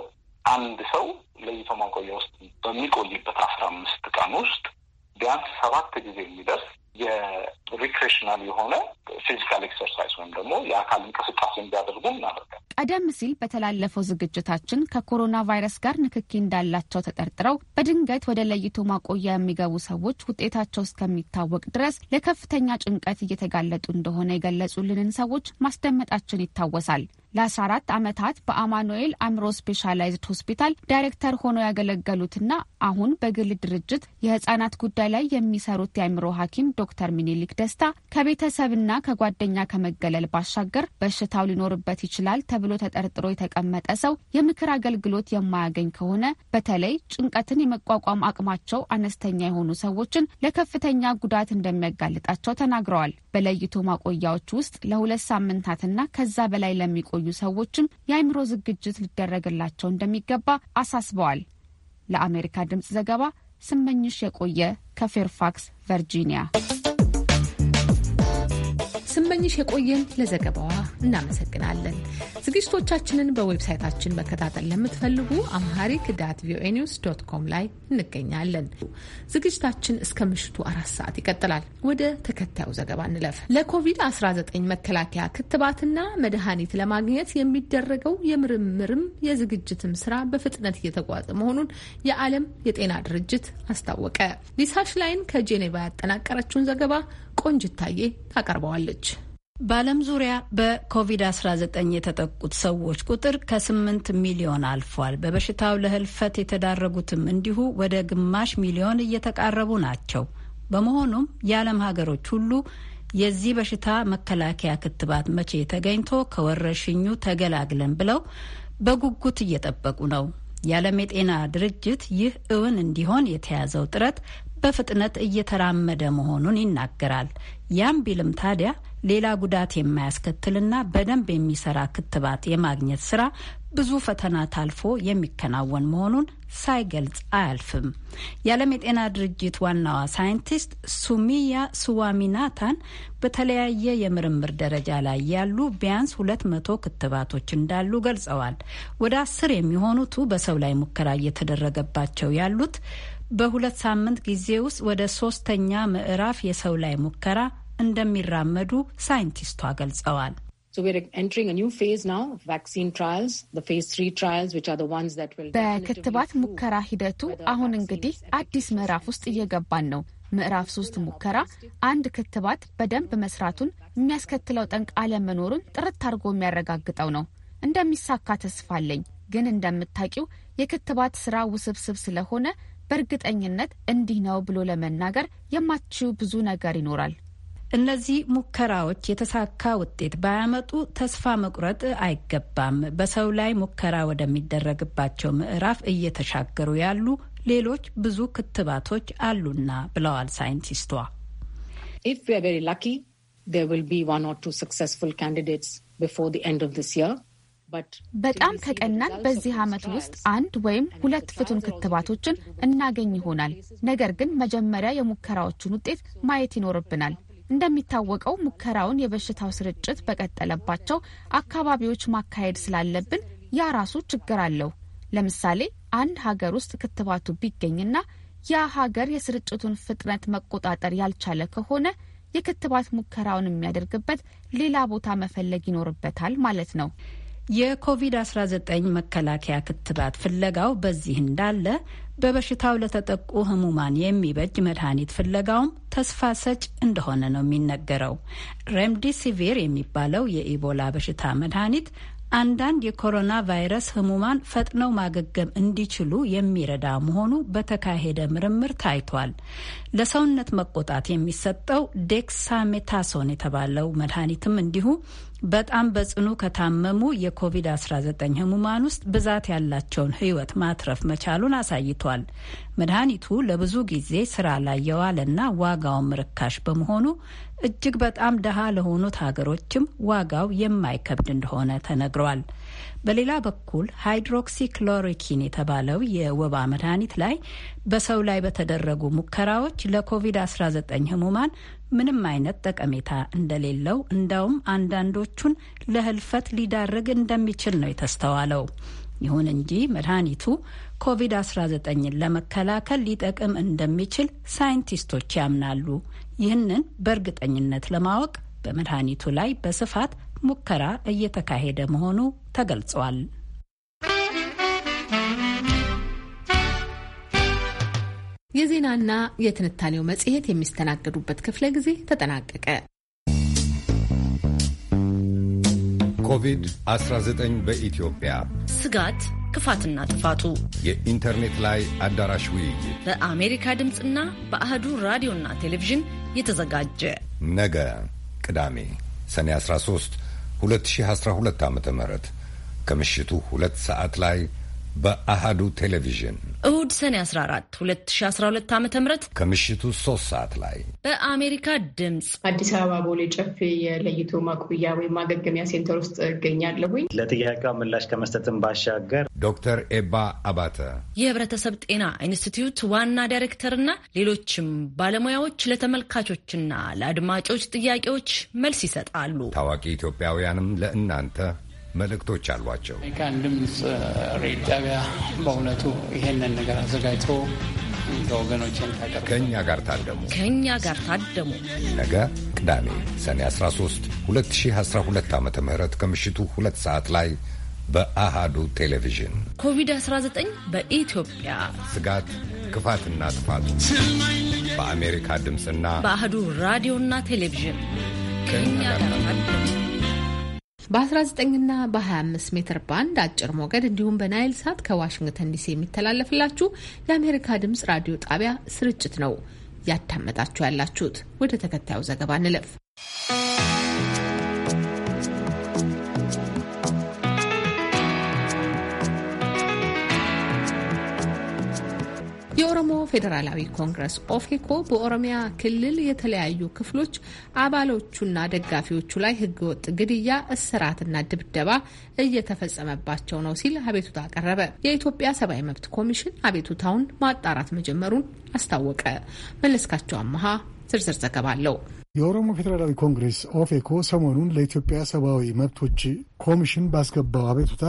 አንድ ሰው ለይቶ ማቆያ ውስጥ በሚቆይበት አስራ አምስት ቀን ውስጥ ቢያንስ ሰባት ጊዜ የሚደርስ የሪክሬሽናል የሆነ ፊዚካል ኤክሰርሳይዝ ወይም ደግሞ የአካል እንቅስቃሴ እንዲያደርጉ እናደርጋል። ቀደም ሲል በተላለፈው ዝግጅታችን ከኮሮና ቫይረስ ጋር ንክኪ እንዳላቸው ተጠርጥረው በድንገት ወደ ለይቶ ማቆያ የሚገቡ ሰዎች ውጤታቸው እስከሚታወቅ ድረስ ለከፍተኛ ጭንቀት እየተጋለጡ እንደሆነ የገለጹልንን ሰዎች ማስደመጣችን ይታወሳል። ለ14 ዓመታት በአማኑኤል አእምሮ ስፔሻላይዝድ ሆስፒታል ዳይሬክተር ሆነው ያገለገሉትና አሁን በግል ድርጅት የህጻናት ጉዳይ ላይ የሚሰሩት የአእምሮ ሐኪም ዶክተር ሚኒሊክ ደስታ ከቤተሰብና ከጓደኛ ከመገለል ባሻገር በሽታው ሊኖርበት ይችላል ተብሎ ተጠርጥሮ የተቀመጠ ሰው የምክር አገልግሎት የማያገኝ ከሆነ በተለይ ጭንቀትን የመቋቋም አቅማቸው አነስተኛ የሆኑ ሰዎችን ለከፍተኛ ጉዳት እንደሚያጋልጣቸው ተናግረዋል። በለይቶ ማቆያዎች ውስጥ ለሁለት ሳምንታትና ከዛ በላይ ለሚቆ የቆዩ ሰዎችም የአእምሮ ዝግጅት ሊደረግላቸው እንደሚገባ አሳስበዋል። ለአሜሪካ ድምፅ ዘገባ ስመኝሽ የቆየ ከፌርፋክስ ቨርጂኒያ ስመኝሽ የቆየን ለዘገባዋ እናመሰግናለን። ዝግጅቶቻችንን በዌብሳይታችን መከታተል ለምትፈልጉ አምሃሪክ ዳት ቪኦኤ ኒውስ ዶት ኮም ላይ እንገኛለን። ዝግጅታችን እስከ ምሽቱ አራት ሰዓት ይቀጥላል። ወደ ተከታዩ ዘገባ እንለፍ። ለኮቪድ-19 መከላከያ ክትባትና መድኃኒት ለማግኘት የሚደረገው የምርምርም የዝግጅትም ስራ በፍጥነት እየተጓዘ መሆኑን የዓለም የጤና ድርጅት አስታወቀ። ሊሳሽ ላይን ከጄኔቫ ያጠናቀረችውን ዘገባ ቆንጅታዬ ታቀርበዋለች። በዓለም ዙሪያ በኮቪድ-19 የተጠቁት ሰዎች ቁጥር ከ8 ሚሊዮን አልፏል። በበሽታው ለህልፈት የተዳረጉትም እንዲሁ ወደ ግማሽ ሚሊዮን እየተቃረቡ ናቸው። በመሆኑም የዓለም ሀገሮች ሁሉ የዚህ በሽታ መከላከያ ክትባት መቼ ተገኝቶ ከወረሽኙ ተገላግለን ብለው በጉጉት እየጠበቁ ነው። የዓለም የጤና ድርጅት ይህ እውን እንዲሆን የተያዘው ጥረት በፍጥነት እየተራመደ መሆኑን ይናገራል። ያም ቢልም ታዲያ ሌላ ጉዳት የማያስከትልና በደንብ የሚሰራ ክትባት የማግኘት ስራ ብዙ ፈተና ታልፎ የሚከናወን መሆኑን ሳይገልጽ አያልፍም። የዓለም የጤና ድርጅት ዋናዋ ሳይንቲስት ሱሚያ ሱዋሚናታን በተለያየ የምርምር ደረጃ ላይ ያሉ ቢያንስ ሁለት መቶ ክትባቶች እንዳሉ ገልጸዋል። ወደ አስር የሚሆኑቱ በሰው ላይ ሙከራ እየተደረገባቸው ያሉት በሁለት ሳምንት ጊዜ ውስጥ ወደ ሶስተኛ ምዕራፍ የሰው ላይ ሙከራ እንደሚራመዱ ሳይንቲስቷ ገልጸዋል። በክትባት ሙከራ ሂደቱ አሁን እንግዲህ አዲስ ምዕራፍ ውስጥ እየገባን ነው። ምዕራፍ ሶስት ሙከራ አንድ ክትባት በደንብ መስራቱን የሚያስከትለው ጠንቅ አለመኖሩን ጥርት አድርጎ የሚያረጋግጠው ነው። እንደሚሳካ ተስፋ አለኝ። ግን እንደምታቂው የክትባት ስራ ውስብስብ ስለሆነ በእርግጠኝነት እንዲህ ነው ብሎ ለመናገር የማችው ብዙ ነገር ይኖራል። እነዚህ ሙከራዎች የተሳካ ውጤት ባያመጡ ተስፋ መቁረጥ አይገባም። በሰው ላይ ሙከራ ወደሚደረግባቸው ምዕራፍ እየተሻገሩ ያሉ ሌሎች ብዙ ክትባቶች አሉና ብለዋል ሳይንቲስቷ። ኢፍ ዊ ላኪ ዜር ዊል ቢ ዋን ኦር ቱ ሰክሰስፉል ካንዲዴትስ ቢፎር ዘ ኤንድ ኦፍ ዚስ ይር በጣም ከቀናን በዚህ ዓመት ውስጥ አንድ ወይም ሁለት ፍቱን ክትባቶችን እናገኝ ይሆናል። ነገር ግን መጀመሪያ የሙከራዎቹን ውጤት ማየት ይኖርብናል። እንደሚታወቀው ሙከራውን የበሽታው ስርጭት በቀጠለባቸው አካባቢዎች ማካሄድ ስላለብን ያ ራሱ ችግር አለው። ለምሳሌ አንድ ሀገር ውስጥ ክትባቱ ቢገኝና ያ ሀገር የስርጭቱን ፍጥነት መቆጣጠር ያልቻለ ከሆነ የክትባት ሙከራውን የሚያደርግበት ሌላ ቦታ መፈለግ ይኖርበታል ማለት ነው። የኮቪድ-19 መከላከያ ክትባት ፍለጋው በዚህ እንዳለ በበሽታው ለተጠቁ ህሙማን የሚበጅ መድኃኒት ፍለጋውም ተስፋ ሰጭ እንደሆነ ነው የሚነገረው። ሬምዲሲቪር የሚባለው የኢቦላ በሽታ መድኃኒት አንዳንድ የኮሮና ቫይረስ ህሙማን ፈጥነው ማገገም እንዲችሉ የሚረዳ መሆኑ በተካሄደ ምርምር ታይቷል። ለሰውነት መቆጣት የሚሰጠው ዴክሳሜታሶን የተባለው መድኃኒትም እንዲሁ በጣም በጽኑ ከታመሙ የኮቪድ-19 ህሙማን ውስጥ ብዛት ያላቸውን ህይወት ማትረፍ መቻሉን አሳይቷል። መድኃኒቱ ለብዙ ጊዜ ስራ ላይ የዋለና ዋጋውም ርካሽ በመሆኑ እጅግ በጣም ደሃ ለሆኑት ሀገሮችም ዋጋው የማይከብድ እንደሆነ ተነግሯል። በሌላ በኩል ሃይድሮክሲክሎሮኪን የተባለው የወባ መድኃኒት ላይ በሰው ላይ በተደረጉ ሙከራዎች ለኮቪድ-19 ህሙማን ምንም አይነት ጠቀሜታ እንደሌለው እንዳውም አንዳንዶቹን ለህልፈት ሊዳርግ እንደሚችል ነው የተስተዋለው። ይሁን እንጂ መድኃኒቱ ኮቪድ-19ን ለመከላከል ሊጠቅም እንደሚችል ሳይንቲስቶች ያምናሉ። ይህንን በእርግጠኝነት ለማወቅ በመድኃኒቱ ላይ በስፋት ሙከራ እየተካሄደ መሆኑ ተገልጿል። የዜናና የትንታኔው መጽሔት የሚስተናገዱበት ክፍለ ጊዜ ተጠናቀቀ። ኮቪድ-19 በኢትዮጵያ ስጋት፣ ክፋትና ጥፋቱ የኢንተርኔት ላይ አዳራሽ ውይይት በአሜሪካ ድምፅና በአህዱ ራዲዮና ቴሌቪዥን የተዘጋጀ ነገ ቅዳሜ ሰኔ 13 2012 ዓ ም ከምሽቱ ሁለት ሰዓት ላይ በአሃዱ ቴሌቪዥን እሁድ ሰኔ 14 2012 ዓ ም ከምሽቱ 3 ሰዓት ላይ በአሜሪካ ድምፅ አዲስ አበባ ቦሌ ጨፌ የለይቶ ማቆያ ወይም ማገገሚያ ሴንተር ውስጥ እገኛለሁኝ። ለጥያቄው ምላሽ ከመስጠትን ባሻገር ዶክተር ኤባ አባተ የህብረተሰብ ጤና ኢንስቲትዩት ዋና ዳይሬክተርና ሌሎችም ባለሙያዎች ለተመልካቾችና ለአድማጮች ጥያቄዎች መልስ ይሰጣሉ። ታዋቂ ኢትዮጵያውያንም ለእናንተ መልእክቶች አሏቸው። አሜሪካን ድምፅ ሬዲዮ ጣቢያ በእውነቱ ይሄንን ነገር አዘጋጅቶ ወገኖችን ከእኛ ጋር ታደሙ ከእኛ ጋር ታደሙ። ነገ ቅዳሜ ሰኔ 13 2012 ዓ ም ከምሽቱ ሁለት ሰዓት ላይ በአሃዱ ቴሌቪዥን ኮቪድ-19 በኢትዮጵያ ስጋት ክፋትና ጥፋት በአሜሪካ ድምፅና በአህዱ ራዲዮና ቴሌቪዥን ከእኛ ጋር ታደሙ በ19ና በ25 ሜትር ባንድ አጭር ሞገድ እንዲሁም በናይል ሳት ከዋሽንግተን ዲሲ የሚተላለፍላችሁ የአሜሪካ ድምጽ ራዲዮ ጣቢያ ስርጭት ነው ያዳመጣችሁ ያላችሁት። ወደ ተከታዩ ዘገባ እንለፍ። የኦሮሞ ፌዴራላዊ ኮንግረስ ኦፌኮ በኦሮሚያ ክልል የተለያዩ ክፍሎች አባሎቹና ደጋፊዎቹ ላይ ህገወጥ ግድያ፣ እስራትና ድብደባ እየተፈጸመባቸው ነው ሲል አቤቱታ አቀረበ። የኢትዮጵያ ሰብአዊ መብት ኮሚሽን አቤቱታውን ማጣራት መጀመሩን አስታወቀ። መለስካቸው አመሃ ዝርዝር ዘገባ አለው። የኦሮሞ ፌዴራላዊ ኮንግሬስ ኦፌኮ ሰሞኑን ለኢትዮጵያ ሰብአዊ መብቶች ኮሚሽን ባስገባው አቤቱታ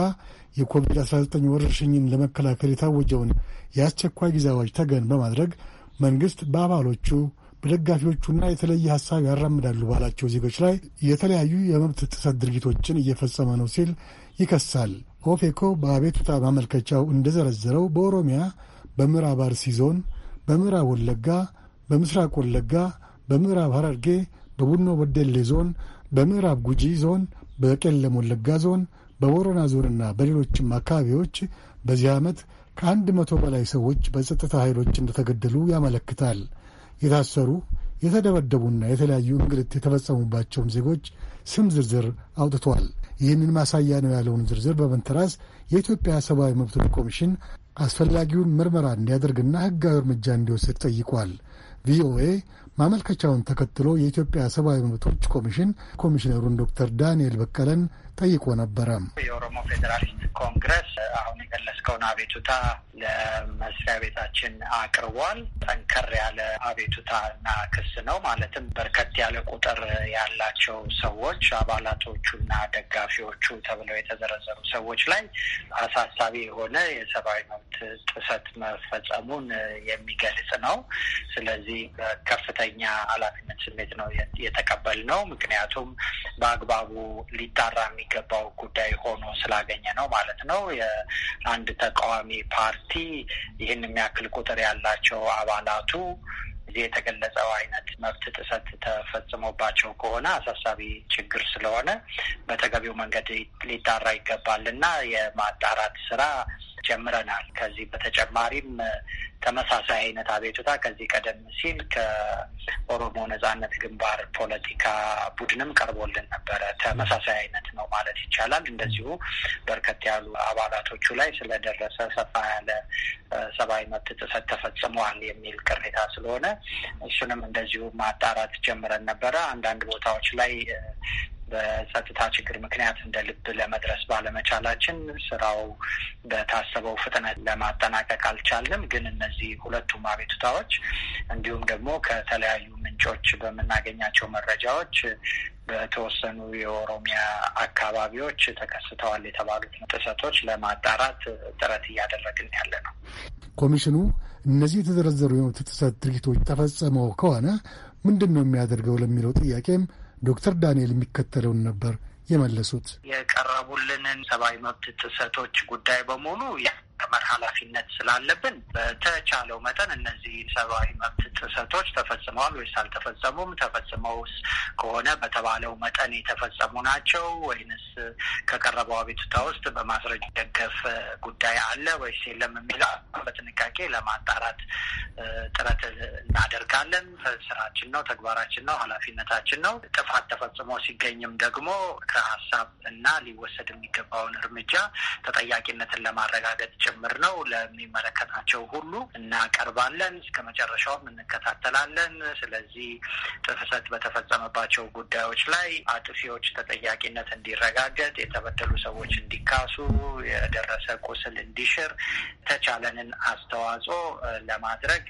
የኮቪድ-19 ወረርሽኝን ለመከላከል የታወጀውን የአስቸኳይ ጊዜ አዋጅ ተገን በማድረግ መንግሥት በአባሎቹ በደጋፊዎቹና የተለየ ሀሳብ ያራምዳሉ ባላቸው ዜጎች ላይ የተለያዩ የመብት ጥሰት ድርጊቶችን እየፈጸመ ነው ሲል ይከሳል። ኦፌኮ በአቤቱታ ማመልከቻው እንደዘረዘረው በኦሮሚያ፣ በምዕራብ አርሲ ዞን፣ በምዕራብ ወለጋ፣ በምስራቅ ወለጋ፣ በምዕራብ ሐረርጌ፣ በቡኖ በደሌ ዞን፣ በምዕራብ ጉጂ ዞን፣ በቄለም ወለጋ ዞን በቦረና ዞንና በሌሎችም አካባቢዎች በዚህ ዓመት ከአንድ መቶ በላይ ሰዎች በጸጥታ ኃይሎች እንደተገደሉ ያመለክታል። የታሰሩ የተደበደቡና የተለያዩ እንግልት የተፈጸሙባቸውን ዜጎች ስም ዝርዝር አውጥቷል። ይህንን ማሳያ ነው ያለውን ዝርዝር በመንተራስ የኢትዮጵያ ሰብአዊ መብቶች ኮሚሽን አስፈላጊውን ምርመራ እንዲያደርግና ሕጋዊ እርምጃ እንዲወስድ ጠይቋል። ቪኦኤ ማመልከቻውን ተከትሎ የኢትዮጵያ ሰብአዊ መብቶች ኮሚሽን ኮሚሽነሩን ዶክተር ዳንኤል በቀለን ጠይቆ ነበረ። የኦሮሞ ፌዴራሊስት ኮንግረስ አሁን የገለጽከውን አቤቱታ ለመስሪያ ቤታችን አቅርቧል። ጠንከር ያለ አቤቱታ እና ክስ ነው። ማለትም በርከት ያለ ቁጥር ያላቸው ሰዎች አባላቶቹ እና ደጋፊዎቹ ተብለው የተዘረዘሩ ሰዎች ላይ አሳሳቢ የሆነ የሰብአዊ መብት ጥሰት መፈጸሙን የሚገልጽ ነው። ስለዚህ በከፍተኛ ኃላፊነት ስሜት ነው የተቀበል ነው። ምክንያቱም በአግባቡ ሊጣራ የሚገባው ጉዳይ ሆኖ ስላገኘ ነው ማለት ነው። የአንድ ተቃዋሚ ፓርቲ ይህን የሚያክል ቁጥር ያላቸው አባላቱ እዚህ የተገለጸው አይነት መብት ጥሰት ተፈጽሞባቸው ከሆነ አሳሳቢ ችግር ስለሆነ በተገቢው መንገድ ሊጣራ ይገባል እና የማጣራት ስራ ጀምረናል። ከዚህ በተጨማሪም ተመሳሳይ አይነት አቤቱታ ከዚህ ቀደም ሲል ከኦሮሞ ነጻነት ግንባር ፖለቲካ ቡድንም ቀርቦልን ነበረ። ተመሳሳይ አይነት ነው ማለት ይቻላል። እንደዚሁ በርከት ያሉ አባላቶቹ ላይ ስለደረሰ ሰፋ ያለ ሰብአዊ መብት ጥሰት ተፈጽመዋል የሚል ቅሬታ ስለሆነ እሱንም እንደዚሁ ማጣራት ጀምረን ነበረ። አንዳንድ ቦታዎች ላይ በጸጥታ ችግር ምክንያት እንደ ልብ ለመድረስ ባለመቻላችን ስራው በታሰበው ፍጥነት ለማጠናቀቅ አልቻልንም። ግን እነዚህ ሁለቱም አቤቱታዎች እንዲሁም ደግሞ ከተለያዩ ምንጮች በምናገኛቸው መረጃዎች በተወሰኑ የኦሮሚያ አካባቢዎች ተከስተዋል የተባሉት ጥሰቶች ለማጣራት ጥረት እያደረግን ያለ ነው። ኮሚሽኑ እነዚህ የተዘረዘሩ የመብት ጥሰት ድርጊቶች ተፈጸመው ከሆነ ምንድን ነው የሚያደርገው ለሚለው ጥያቄም ዶክተር ዳንኤል የሚከተለውን ነበር የመለሱት። የቀረቡልንን ሰብአዊ መብት ጥሰቶች ጉዳይ በሙሉ መመር ኃላፊነት ስላለብን በተቻለው መጠን እነዚህ ሰብአዊ መብት ጥሰቶች ተፈጽመዋል ወይስ አልተፈጸሙም፣ ተፈጽመውስ ከሆነ በተባለው መጠን የተፈጸሙ ናቸው ወይንስ ከቀረበው አቤቱታ ውስጥ በማስረጃ ደገፍ ጉዳይ አለ ወይስ የለም የሚለው በጥንቃቄ ለማጣራት ጥረት እናደርጋለን። ስራችን ነው፣ ተግባራችን ነው፣ ኃላፊነታችን ነው። ጥፋት ተፈጽሞ ሲገኝም ደግሞ ከሀሳብ እና ሊወሰድ የሚገባውን እርምጃ ተጠያቂነትን ለማረጋገጥ ጭምር ነው። ለሚመለከታቸው ሁሉ እናቀርባለን። እስከ መጨረሻውም እንከታተላለን። ስለዚህ ጥፍሰት በተፈጸመባቸው ጉዳዮች ላይ አጥፊዎች ተጠያቂነት እንዲረጋገጥ፣ የተበደሉ ሰዎች እንዲካሱ፣ የደረሰ ቁስል እንዲሽር ተቻለንን አስተዋጽኦ ለማድረግ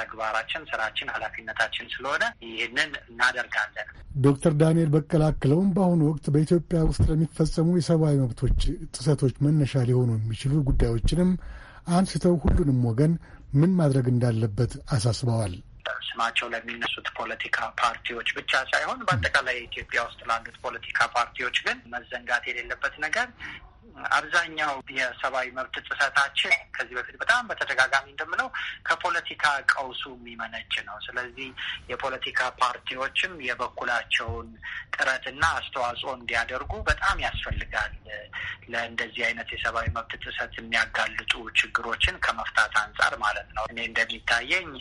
ተግባራችን፣ ስራችን፣ ኃላፊነታችን ስለሆነ ይህንን እናደርጋለን። ዶክተር ዳንኤል በቀለ አክለውም በአሁኑ ወቅት በኢትዮጵያ ውስጥ ለሚፈጸሙ የሰብአዊ መብቶች ጥሰቶች መነሻ ሊሆኑ የሚችሉ ጉዳዮችን ጥያቄዎችንም አንስተው ሁሉንም ወገን ምን ማድረግ እንዳለበት አሳስበዋል። ስማቸው ለሚነሱት ፖለቲካ ፓርቲዎች ብቻ ሳይሆን በአጠቃላይ ኢትዮጵያ ውስጥ ላሉት ፖለቲካ ፓርቲዎች ግን መዘንጋት የሌለበት ነገር አብዛኛው የሰብአዊ መብት ጥሰታችን ከዚህ በፊት በጣም በተደጋጋሚ እንደምለው ከፖለቲካ ቀውሱ የሚመነጭ ነው። ስለዚህ የፖለቲካ ፓርቲዎችም የበኩላቸውን ጥረትና አስተዋጽኦ እንዲያደርጉ በጣም ያስፈልጋል። ለእንደዚህ አይነት የሰብአዊ መብት ጥሰት የሚያጋልጡ ችግሮችን ከመፍታት አንጻር ማለት ነው። እኔ እንደሚታየኝ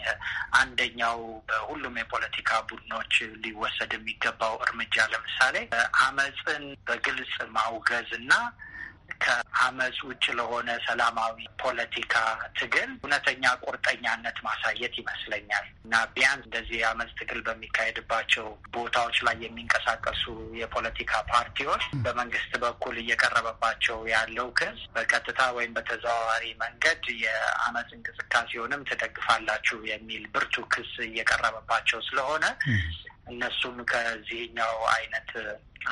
አንደኛው በሁሉም የፖለቲካ ቡድኖች ሊወሰድ የሚገባው እርምጃ ለምሳሌ አመፅን በግልጽ ማውገዝ እና ከአመፅ ውጭ ለሆነ ሰላማዊ ፖለቲካ ትግል እውነተኛ ቁርጠኛነት ማሳየት ይመስለኛል እና ቢያንስ እንደዚህ የአመፅ ትግል በሚካሄድባቸው ቦታዎች ላይ የሚንቀሳቀሱ የፖለቲካ ፓርቲዎች በመንግስት በኩል እየቀረበባቸው ያለው ክስ በቀጥታ ወይም በተዘዋዋሪ መንገድ የአመፅ እንቅስቃሴውንም ትደግፋላችሁ የሚል ብርቱ ክስ እየቀረበባቸው ስለሆነ እነሱም ከዚህኛው አይነት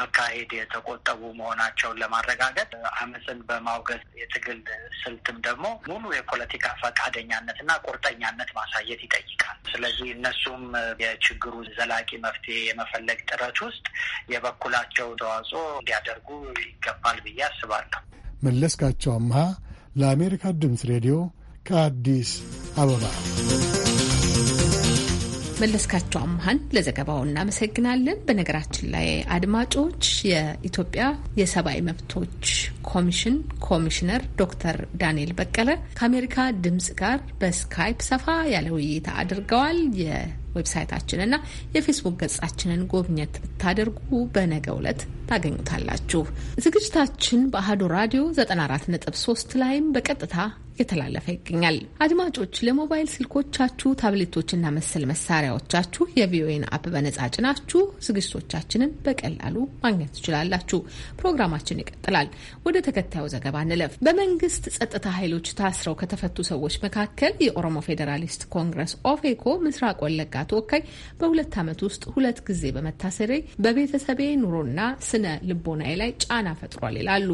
አካሄድ የተቆጠቡ መሆናቸውን ለማረጋገጥ አመፅን በማውገዝ የትግል ስልትም ደግሞ ሙሉ የፖለቲካ ፈቃደኛነት ና ቁርጠኛነት ማሳየት ይጠይቃል። ስለዚህ እነሱም የችግሩ ዘላቂ መፍትሄ የመፈለግ ጥረት ውስጥ የበኩላቸው ተዋጽኦ እንዲያደርጉ ይገባል ብዬ አስባለሁ። መለስካቸው አምሃ ለአሜሪካ ድምፅ ሬዲዮ ከአዲስ አበባ መለስካቸው አምሃን ለዘገባው እናመሰግናለን። በነገራችን ላይ አድማጮች የኢትዮጵያ የሰብአዊ መብቶች ኮሚሽን ኮሚሽነር ዶክተር ዳንኤል በቀለ ከአሜሪካ ድምጽ ጋር በስካይፕ ሰፋ ያለ ውይይት አድርገዋል። የዌብሳይታችንና የፌስቡክ ገጻችንን ጎብኘት ብታደርጉ በነገ ዕለት ታገኙታላችሁ። ዝግጅታችን በአህዶ ራዲዮ 94.3 ላይም በቀጥታ እየተላለፈ ይገኛል። አድማጮች ለሞባይል ስልኮቻችሁ፣ ታብሌቶችና መሰል መሳሪያዎቻችሁ የቪኦኤን አፕ በነጻ ጭናችሁ ዝግጅቶቻችንን በቀላሉ ማግኘት ትችላላችሁ። ፕሮግራማችን ይቀጥላል። ወደ ተከታዩ ዘገባ እንለፍ። በመንግስት ጸጥታ ኃይሎች ታስረው ከተፈቱ ሰዎች መካከል የኦሮሞ ፌዴራሊስት ኮንግረስ ኦፌኮ ምስራቅ ወለጋ ተወካይ በሁለት ዓመት ውስጥ ሁለት ጊዜ በመታሰሬ በቤተሰቤ ኑሮና ስነ ልቦናዬ ላይ ጫና ፈጥሯል ይላሉ።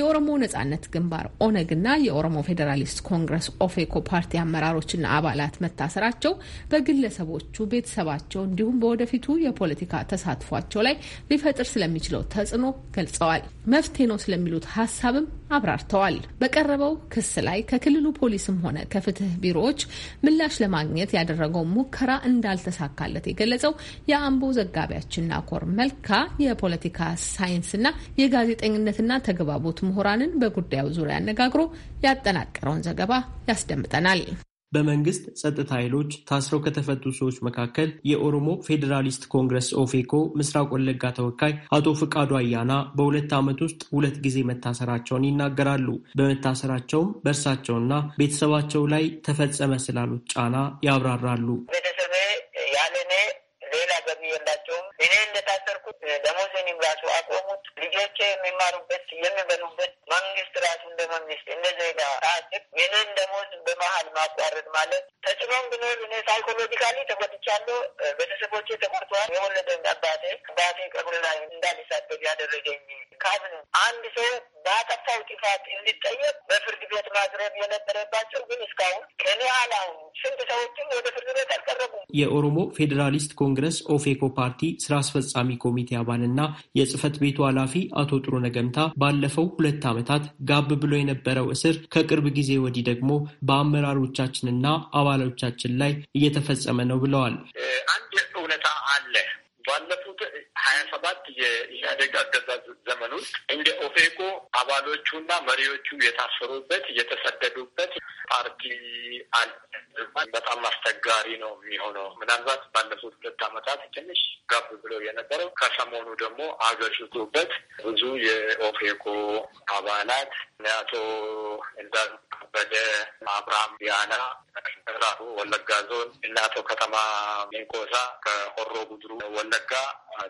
የኦሮሞ ነጻነት ግንባር ኦነግና የኦሮሞ ፌዴራ ፌዴራሊስት ኮንግረስ ኦፌኮ ፓርቲ አመራሮችና አባላት መታሰራቸው በግለሰቦቹ ቤተሰባቸው፣ እንዲሁም በወደፊቱ የፖለቲካ ተሳትፏቸው ላይ ሊፈጥር ስለሚችለው ተጽዕኖ ገልጸዋል። መፍትሄ ነው ስለሚሉት ሀሳብም አብራርተዋል። በቀረበው ክስ ላይ ከክልሉ ፖሊስም ሆነ ከፍትህ ቢሮዎች ምላሽ ለማግኘት ያደረገው ሙከራ እንዳልተሳካለት የገለጸው የአምቦ ዘጋቢያችን ናኮር መልካ የፖለቲካ ሳይንስና የጋዜጠኝነትና ተግባቦት ምሁራንን በጉዳዩ ዙሪያ አነጋግሮ ያጠናቀ ያጠናቀረውን ዘገባ ያስደምጠናል። በመንግስት ጸጥታ ኃይሎች ታስረው ከተፈቱ ሰዎች መካከል የኦሮሞ ፌዴራሊስት ኮንግረስ ኦፌኮ ምስራቅ ወለጋ ተወካይ አቶ ፍቃዱ አያና በሁለት ዓመት ውስጥ ሁለት ጊዜ መታሰራቸውን ይናገራሉ። በመታሰራቸውም በእርሳቸውና ቤተሰባቸው ላይ ተፈጸመ ስላሉት ጫና ያብራራሉ። ቤተሰቤ ያለ ሌላ ገቢ የላቸውም። እኔ እንደታሰርኩ ደሞዝንም ራሱ አቆሙት። ልጆቼ የሚማሩበት የሚበሉበት መንግስት ራሱ እንደ መንግስት እንደ ዜጋ ታስብ የእኔን ደሞዝ በመሀል ማቋረጥ ማለት ተጽዕኖም ብኖር እኔ ሳይኮሎጂካሊ ተጎድቻለሁ። ቤተሰቦቼ ተቆርተዋል። የወለደኝ አባቴ አባቴ ቀብር ላይ እንዳልሳደግ ያደረገኝ ካብን አንድ ሰው በአጠፋው ጥፋት እንዲጠየቅ በፍርድ ቤት ማቅረብ የነበረባቸው ግን እስካሁን ከኔ አላሁን ስንት ሰዎችም ወደ ፍርድ ቤት አልቀረቡም። የኦሮሞ ፌዴራሊስት ኮንግረስ ኦፌኮ ፓርቲ ስራ አስፈጻሚ ኮሚቴ አባልና የጽህፈት ቤቱ ኃላፊ አቶ ጥሩ ነገምታ ባለፈው ሁለት ዓመታት ጋብ ብሎ የነበረው እስር ከቅርብ ጊዜ ወዲህ ደግሞ በአመራሮቻችንና አባሎቻችን ላይ እየተፈጸመ ነው ብለዋል። አንድ እውነታ አለ። ባለፉት ሀያ ሰባት የኢህአዴግ አገዛዝ ዘመን ውስጥ እንደ ኦፌኮ አባሎቹና መሪዎቹ የታሰሩበት የተሰደዱበት ፓርቲ አለ። በጣም አስቸጋሪ ነው የሚሆነው። ምናልባት ባለፉት ሁለት ዓመታት ትንሽ ጋብ ብሎ የነበረው ከሰሞኑ ደግሞ አገርሽቱበት ብዙ የኦፌኮ አባላት አቶ እንዳሉ ከበደ፣ አብርሃም ቢያና ራሁ ወለጋ ዞን እና አቶ ከተማ ሚንቆሳ ከሆሮ ጉድሩ ወለጋ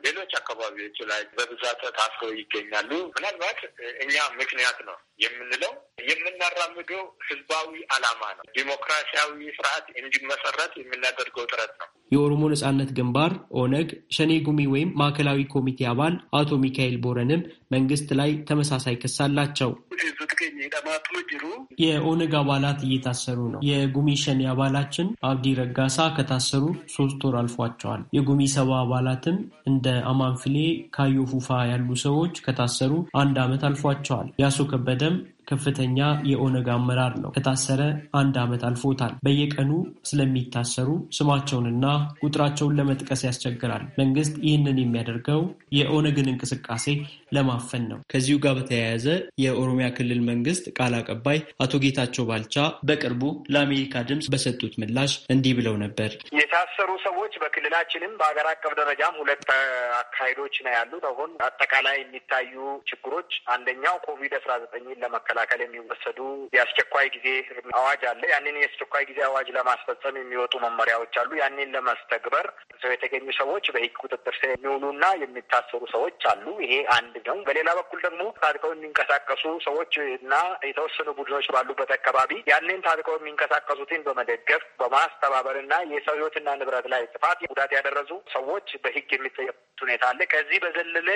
ሌሎ ሌሎች አካባቢዎች ላይ በብዛት ታስረው ይገኛሉ። ምናልባት እኛ ምክንያት ነው የምንለው የምናራምደው ህዝባዊ አላማ ነው። ዲሞክራሲያዊ ስርዓት እንዲመሰረት የምናደርገው ጥረት ነው። የኦሮሞ ነጻነት ግንባር ኦነግ ሸኔ ጉሚ ወይም ማዕከላዊ ኮሚቴ አባል አቶ ሚካኤል ቦረንም መንግስት ላይ ተመሳሳይ ክስ አላቸው። የኦነግ አባላት እየታሰሩ ነው። የጉሚ ሸኔ አባላችን አብዲ ረጋሳ ከታሰሩ ሶስት ወር አልፏቸዋል። የጉሚ ሰባ አባላትም እንደ አማንፍሌ፣ ካዮ ፉፋ ያሉ ሰዎች ከታሰሩ አንድ ዓመት አልፏቸዋል። ያሶ ከበደ ከፍተኛ የኦነግ አመራር ነው። ከታሰረ አንድ ዓመት አልፎታል። በየቀኑ ስለሚታሰሩ ስማቸውንና ቁጥራቸውን ለመጥቀስ ያስቸግራል። መንግስት ይህንን የሚያደርገው የኦነግን እንቅስቃሴ ለማፈን ነው። ከዚሁ ጋር በተያያዘ የኦሮሚያ ክልል መንግስት ቃል አቀባይ አቶ ጌታቸው ባልቻ በቅርቡ ለአሜሪካ ድምፅ በሰጡት ምላሽ እንዲህ ብለው ነበር። የታሰሩ ሰዎች በክልላችንም በሀገር አቀፍ ደረጃም ሁለት አካሄዶች ነው ያሉት። አሁን አጠቃላይ የሚታዩ ችግሮች አንደኛው ኮቪድ አስራ ዘጠኝን ለመከላ ለመከላከል የሚወሰዱ የአስቸኳይ ጊዜ አዋጅ አለ። ያንን የአስቸኳይ ጊዜ አዋጅ ለማስፈጸም የሚወጡ መመሪያዎች አሉ። ያንን ለመስተግበር ሰው የተገኙ ሰዎች በህግ ቁጥጥር ስር የሚውሉና የሚታሰሩ ሰዎች አሉ። ይሄ አንድ ነው። በሌላ በኩል ደግሞ ታጥቀው የሚንቀሳቀሱ ሰዎች እና የተወሰኑ ቡድኖች ባሉበት አካባቢ ያንን ታጥቀው የሚንቀሳቀሱትን በመደገፍ በማስተባበር እና የሰው ንብረት ላይ ጥፋት ጉዳት ያደረሱ ሰዎች በህግ የሚጠየቁበት ሁኔታ አለ። ከዚህ በዘለለ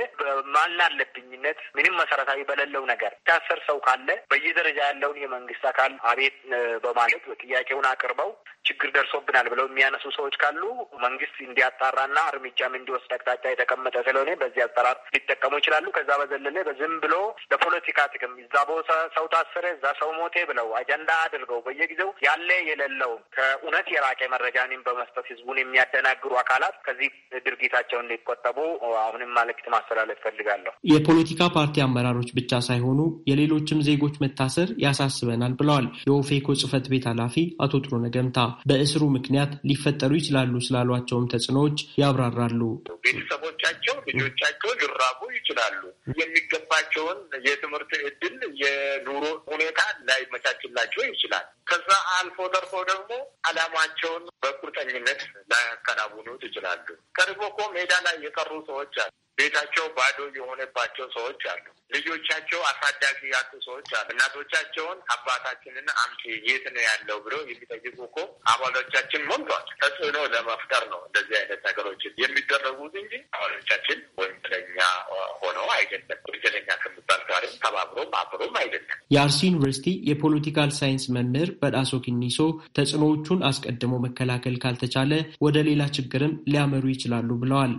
ማናለብኝነት ምንም መሰረታዊ በሌለው ነገር ታሰር ሰው ካለ አለ። በየደረጃ ያለውን የመንግስት አካል አቤት በማለት ጥያቄውን አቅርበው ችግር ደርሶብናል ብለው የሚያነሱ ሰዎች ካሉ መንግስት እንዲያጣራና እርምጃም እንዲወስድ አቅጣጫ የተቀመጠ ስለሆነ በዚህ አጠራር ሊጠቀሙ ይችላሉ። ከዛ በዘለለ በዝም ብሎ ለፖለቲካ ጥቅም እዛ ቦታ ሰው ታሰረ፣ እዛ ሰው ሞቴ ብለው አጀንዳ አድርገው በየጊዜው ያለ የሌለው ከእውነት የራቀ መረጃንም በመስጠት ህዝቡን የሚያደናግሩ አካላት ከዚህ ድርጊታቸው እንዲቆጠቡ አሁንም መልዕክት ማስተላለፍ ፈልጋለሁ። የፖለቲካ ፓርቲ አመራሮች ብቻ ሳይሆኑ የሌሎችም ዜጎች መታሰር ያሳስበናል ብለዋል የኦፌኮ ጽህፈት ቤት ኃላፊ አቶ ጥሩነ ገምታ በእስሩ ምክንያት ሊፈጠሩ ይችላሉ ስላሏቸውም ተጽዕኖዎች ያብራራሉ። ቤተሰቦቻቸው ልጆቻቸው ሊራቡ ይችላሉ። የሚገባቸውን የትምህርት እድል፣ የኑሮ ሁኔታ ላይመቻችላቸው ይችላል። ከዛ አልፎ ተርፎ ደግሞ አላማቸውን በቁርጠኝነት ላያከናውኑት ይችላሉ። ከድሞ እኮ ሜዳ ላይ የቀሩ ሰዎች አሉ። ቤታቸው ባዶ የሆነባቸው ሰዎች አሉ። ልጆቻቸው አሳዳጊ ያጡ ሰዎች አሉ። እናቶቻቸውን አባታችንን አምጪ የት ነው ያለው ብሎ የሚጠይቁ እኮ አባሎቻችን ሞልቷል። ተጽዕኖ ለመፍጠር ነው እንደዚህ አይነት ነገሮችን የሚደረጉት እንጂ አባሎቻችን ወንጀለኛ ሆነው አይደለም። ወንጀለኛ ከሚባል ጋርም ተባብሮም አብሮም አይደለም። የአርሲ ዩኒቨርሲቲ የፖለቲካል ሳይንስ መምህር በዳሶ ኪኒሶ ተጽዕኖዎቹን አስቀድሞ መከላከል ካልተቻለ ወደ ሌላ ችግርም ሊያመሩ ይችላሉ ብለዋል።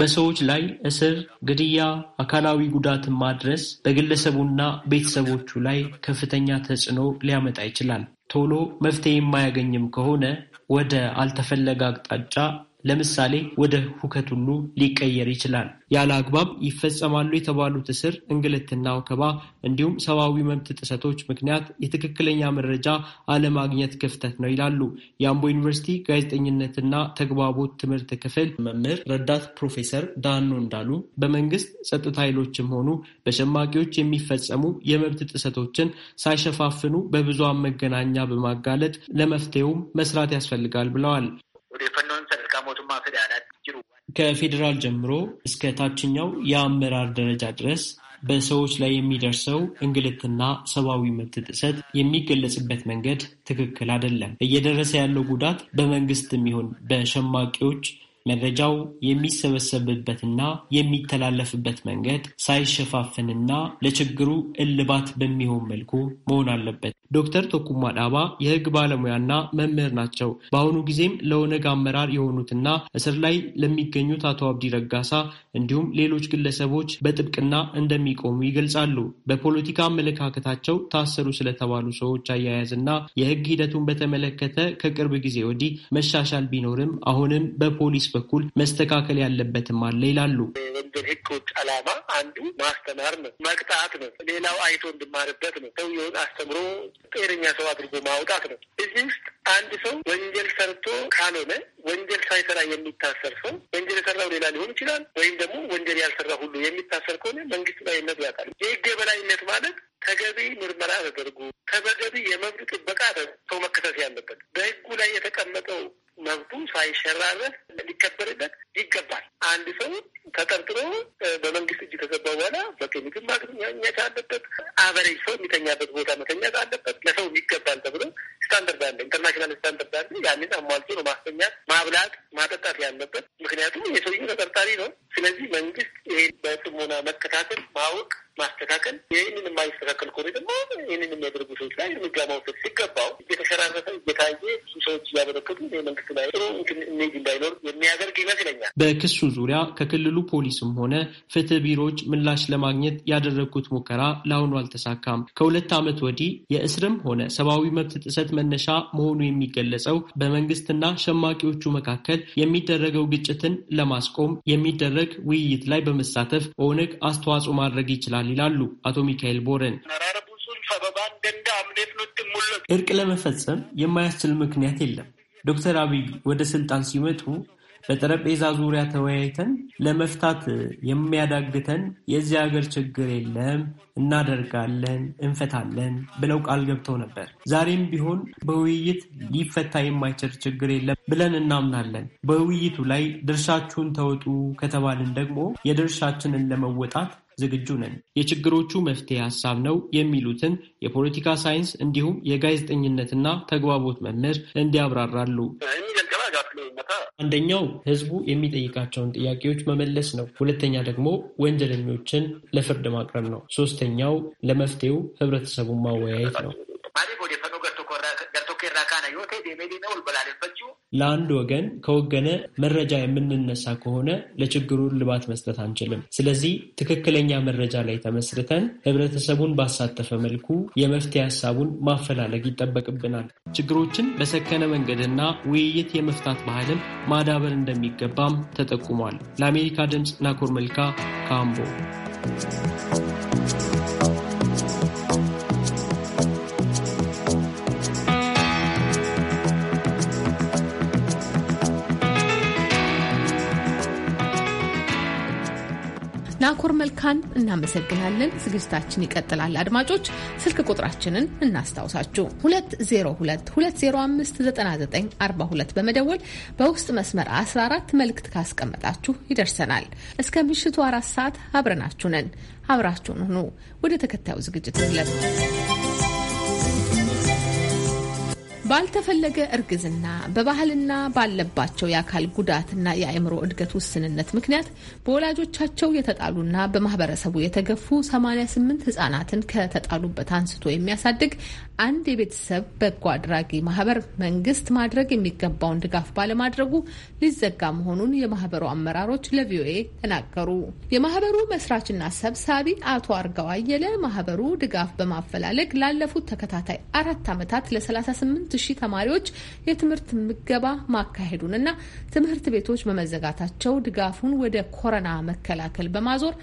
በሰዎች ላይ እስር፣ ግድያ፣ አካላዊ ጉዳት ማድረስ በግለሰቡና ቤተሰቦቹ ላይ ከፍተኛ ተጽዕኖ ሊያመጣ ይችላል። ቶሎ መፍትሄ የማያገኝም ከሆነ ወደ አልተፈለገ አቅጣጫ ለምሳሌ ወደ ሁከት ሁሉ ሊቀየር ይችላል። ያለ አግባብ ይፈጸማሉ የተባሉት እስር፣ እንግልትና ወከባ እንዲሁም ሰብአዊ መብት ጥሰቶች ምክንያት የትክክለኛ መረጃ አለማግኘት ክፍተት ነው ይላሉ የአምቦ ዩኒቨርሲቲ ጋዜጠኝነትና ተግባቦት ትምህርት ክፍል መምህር ረዳት ፕሮፌሰር ዳኖ እንዳሉ በመንግስት ጸጥታ ኃይሎችም ሆኑ በሸማቂዎች የሚፈጸሙ የመብት ጥሰቶችን ሳይሸፋፍኑ በብዙሃን መገናኛ በማጋለጥ ለመፍትሄውም መስራት ያስፈልጋል ብለዋል። ከፌዴራል ጀምሮ እስከ ታችኛው የአመራር ደረጃ ድረስ በሰዎች ላይ የሚደርሰው እንግልትና ሰብአዊ መብት ጥሰት የሚገለጽበት መንገድ ትክክል አይደለም። እየደረሰ ያለው ጉዳት በመንግስት የሚሆን በሸማቂዎች መረጃው የሚሰበሰብበትና የሚተላለፍበት መንገድ ሳይሸፋፍንና ለችግሩ እልባት በሚሆን መልኩ መሆን አለበት። ዶክተር ቶኩማ ዳባ የህግ ባለሙያና መምህር ናቸው። በአሁኑ ጊዜም ለኦነግ አመራር የሆኑትና እስር ላይ ለሚገኙት አቶ አብዲ ረጋሳ እንዲሁም ሌሎች ግለሰቦች በጥብቅና እንደሚቆሙ ይገልጻሉ። በፖለቲካ አመለካከታቸው ታሰሩ ስለተባሉ ሰዎች አያያዝና የህግ ሂደቱን በተመለከተ ከቅርብ ጊዜ ወዲህ መሻሻል ቢኖርም አሁንም በፖሊስ በኩል መስተካከል ያለበትም አለ ይላሉ። የወንጀል ህጎች ዓላማ አንዱ ማስተማር ነው፣ መቅጣት ነው፣ ሌላው አይቶ እንድማርበት ነው፣ ሰውየውን አስተምሮ ጤነኛ ሰው አድርጎ ማውጣት ነው። እዚህ ውስጥ አንድ ሰው ወንጀል ሰርቶ ካልሆነ ወንጀል ሳይሰራ የሚታሰር ሰው ወንጀል የሰራው ሌላ ሊሆን ይችላል፣ ወይም ደግሞ ወንጀል ያልሰራ ሁሉ የሚታሰር ከሆነ መንግስት በላይነት ያውቃል። የህግ የበላይነት ማለት ተገቢ ምርመራ ተደርጎ ተገቢ የመብት ጥበቃ ሰው መከሰስ ያለበት በህጉ ላይ የተቀመጠው መብቱ ሳይሸራረፍ ሊከበርለት ይገባል። አንድ ሰው ተጠርጥሮ በመንግስት እጅ ከገባ በኋላ በቂ ምግብ ማግኘት አለበት። አበሬጅ ሰው የሚተኛበት ቦታ መተኛት አለበት። ለሰው ይገባል ተብሎ ስታንደርድ አለ፣ ኢንተርናሽናል ስታንደርድ አለ። ያንን አሟልቶ ነው ማስተኛት፣ ማብላት፣ ማጠጣት ያለበት። ምክንያቱም የሰውዬው ተጠርጣሪ ነው። ስለዚህ መንግስት ይሄን በጥሞና መከታተል፣ ማወቅ፣ ማስተካከል ይህንን የማይስተካከል ከሆነ ደግሞ ይህንን የሚያደርጉ ሰዎች ላይ እርምጃ ማውሰድ ሲገባው እየተሸራረፈ እየታየ ብዙ ሰዎች እያበረከቱ መንግስት የሚያደርግ ይመስለኛል። በክሱ ዙሪያ ከክልሉ ፖሊስም ሆነ ፍትህ ቢሮዎች ምላሽ ለማግኘት ያደረግኩት ሙከራ ለአሁኑ አልተሳካም። ከሁለት ዓመት ወዲህ የእስርም ሆነ ሰብአዊ መብት ጥሰት መነሻ መሆኑ የሚገለጸው በመንግስትና ሸማቂዎቹ መካከል የሚደረገው ግጭትን ለማስቆም የሚደረግ ውይይት ላይ በመሳተፍ ኦነግ አስተዋጽኦ ማድረግ ይችላል ይላሉ አቶ ሚካኤል ቦረን። እርቅ ለመፈጸም የማያስችል ምክንያት የለም። ዶክተር አብይ ወደ ስልጣን ሲመጡ በጠረጴዛ ዙሪያ ተወያይተን ለመፍታት የሚያዳግተን የዚህ ሀገር ችግር የለም፣ እናደርጋለን፣ እንፈታለን ብለው ቃል ገብተው ነበር። ዛሬም ቢሆን በውይይት ሊፈታ የማይችል ችግር የለም ብለን እናምናለን። በውይይቱ ላይ ድርሻችሁን ተወጡ ከተባልን ደግሞ የድርሻችንን ለመወጣት ዝግጁ ነን፣ የችግሮቹ መፍትሄ ሀሳብ ነው የሚሉትን የፖለቲካ ሳይንስ እንዲሁም የጋዜጠኝነትና ተግባቦት መምህር እንዲያብራራሉ። አንደኛው ህዝቡ የሚጠይቃቸውን ጥያቄዎች መመለስ ነው። ሁለተኛ ደግሞ ወንጀለኞችን ለፍርድ ማቅረብ ነው። ሶስተኛው ለመፍትሄው ህብረተሰቡን ማወያየት ነው። ለአንድ ወገን ከወገነ መረጃ የምንነሳ ከሆነ ለችግሩ እልባት መስጠት አንችልም። ስለዚህ ትክክለኛ መረጃ ላይ ተመስርተን ህብረተሰቡን ባሳተፈ መልኩ የመፍትሄ ሀሳቡን ማፈላለግ ይጠበቅብናል። ችግሮችን በሰከነ መንገድና ውይይት የመፍታት ባህልም ማዳበር እንደሚገባም ተጠቁሟል። ለአሜሪካ ድምፅ ናኮር መልካ ካምቦ ናኮር መልካን እናመሰግናለን። ዝግጅታችን ይቀጥላል። አድማጮች ስልክ ቁጥራችንን እናስታውሳችሁ 2022059942 በመደወል በውስጥ መስመር 14 መልእክት ካስቀመጣችሁ ይደርሰናል። እስከ ምሽቱ አራት ሰዓት አብረናችሁ ነን። አብራችሁን ሁኑ። ወደ ተከታዩ ዝግጅት እንለፍ። ባልተፈለገ እርግዝና በባህልና ባለባቸው የአካል ጉዳትና የአእምሮ እድገት ውስንነት ምክንያት በወላጆቻቸው የተጣሉና በማህበረሰቡ የተገፉ 88 ህጻናትን ከተጣሉበት አንስቶ የሚያሳድግ አንድ የቤተሰብ በጎ አድራጊ ማህበር መንግስት ማድረግ የሚገባውን ድጋፍ ባለማድረጉ ሊዘጋ መሆኑን የማህበሩ አመራሮች ለቪኦኤ ተናገሩ። የማህበሩ መስራችና ሰብሳቢ አቶ አርጋው አየለ ማህበሩ ድጋፍ በማፈላለግ ላለፉት ተከታታይ አራት ዓመታት ለ38 ሺህ ተማሪዎች የትምህርት ምገባ እና ትምህርት ቤቶች በመዘጋታቸው ድጋፉን ወደ ኮረና መከላከል በማዞር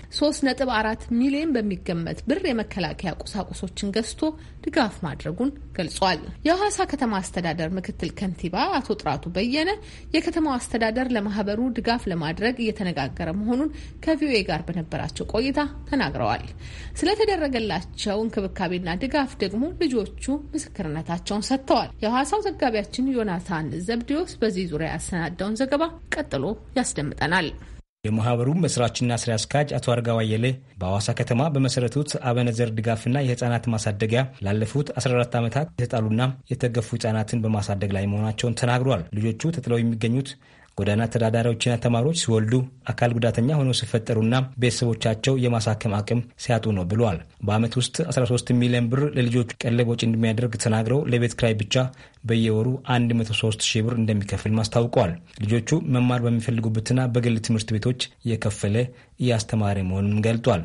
አራት ሚሊዮን በሚገመት ብር የመከላከያ ቁሳቁሶችን ገዝቶ ድጋፍ ማድረጉን ገልጿል። የሐዋሳ ከተማ አስተዳደር ምክትል ከንቲባ አቶ ጥራቱ በየነ የከተማው አስተዳደር ለማህበሩ ድጋፍ ለማድረግ እየተነጋገረ መሆኑን ከቪኦኤ ጋር በነበራቸው ቆይታ ተናግረዋል። ስለተደረገላቸው እንክብካቤና ድጋፍ ደግሞ ልጆቹ ምስክርነታቸውን ሰጥተዋል። የሐዋሳው ዘጋቢያችን ዮናታን ዘብዲዮስ በዚህ ዙሪያ ያሰናዳውን ዘገባ ቀጥሎ ያስደምጠናል። የማህበሩ መስራችና ስራ አስኪያጅ አቶ አርጋው አየለ በአዋሳ ከተማ በመሰረቱት አበነዘር ድጋፍና የህፃናት ማሳደጊያ ላለፉት 14 ዓመታት የተጣሉና የተገፉ ህፃናትን በማሳደግ ላይ መሆናቸውን ተናግሯል። ልጆቹ ተጥለው የሚገኙት ጎዳና ተዳዳሪዎችና ተማሪዎች ሲወልዱ፣ አካል ጉዳተኛ ሆነው ሲፈጠሩና ቤተሰቦቻቸው የማሳከም አቅም ሲያጡ ነው ብለዋል። በዓመት ውስጥ 13 ሚሊዮን ብር ለልጆቹ ቀለብ ወጪ እንደሚያደርግ ተናግረው ለቤት ክራይ ብቻ በየወሩ 103 ሺህ ብር እንደሚከፍል ማስታውቀዋል። ልጆቹ መማር በሚፈልጉበትና በግል ትምህርት ቤቶች እየከፈለ እያስተማረ መሆኑን ገልጧል።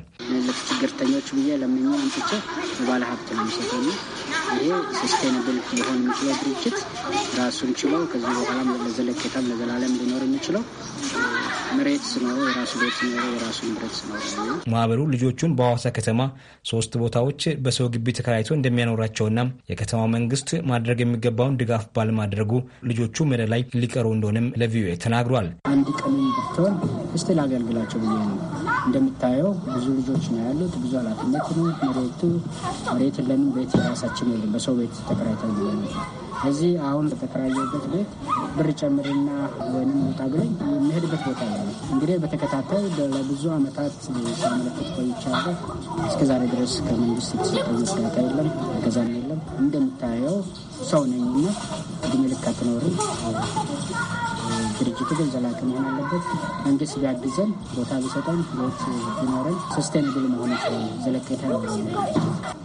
ችግርተኞች ብዬ ለምኛ አንስቼ ባለ ሀብት ነው የሚሰጠኝ ይሄ ሰስቴንብል ሊሆን የሚችለው ድርጅት ራሱን ችለው ከዚህ በኋላም ለዘለቄታም ለዘላለም ሊኖር የሚችለው መሬት ስኖረው የራሱ ቤት ሲኖረው የራሱ ንብረት ስኖረው። ማህበሩ ልጆቹን በሐዋሳ ከተማ ሶስት ቦታዎች በሰው ግቢ ተከራይቶ እንደሚያኖራቸውና የከተማው መንግስት ማድረግ የሚገባውን ድጋፍ ባለማድረጉ ልጆቹ መደ ላይ ሊቀሩ እንደሆነም ለቪኦኤ ተናግሯል። አንድ ቀንም ብትሆን እስቲ ላገልግላቸው ብዬ ነው። እንደምታየው ብዙ ልጆች ነው ያሉት። ብዙ ኃላፊነት ነው። መሬቱ መሬት ለምን ቤት የራሳችን በሰው ቤት ተከራይታ እዚህ አሁን በተከራየበት ቤት ብር ጨምርና ወይም ቦታ ብለኝ የሚሄድበት ቦታ ያለ እንግዲህ በተከታታይ ለብዙ ዓመታት ሳመለከት ቆይቻለሁ። እስከዛሬ ድረስ ከመንግስት የተሰጠ መስጋታ የለም፣ ገዛም የለም። እንደምታየው ሰው ነኝና እድሜ ልክ አትኖርም። ድርጅቱ ግን ዘላቂ መሆን አለበት። መንግስት ቢያግዘን ቦታ ቢሰጠን ት ቢኖረን ሰስቴናብል መሆን ዘለቄታ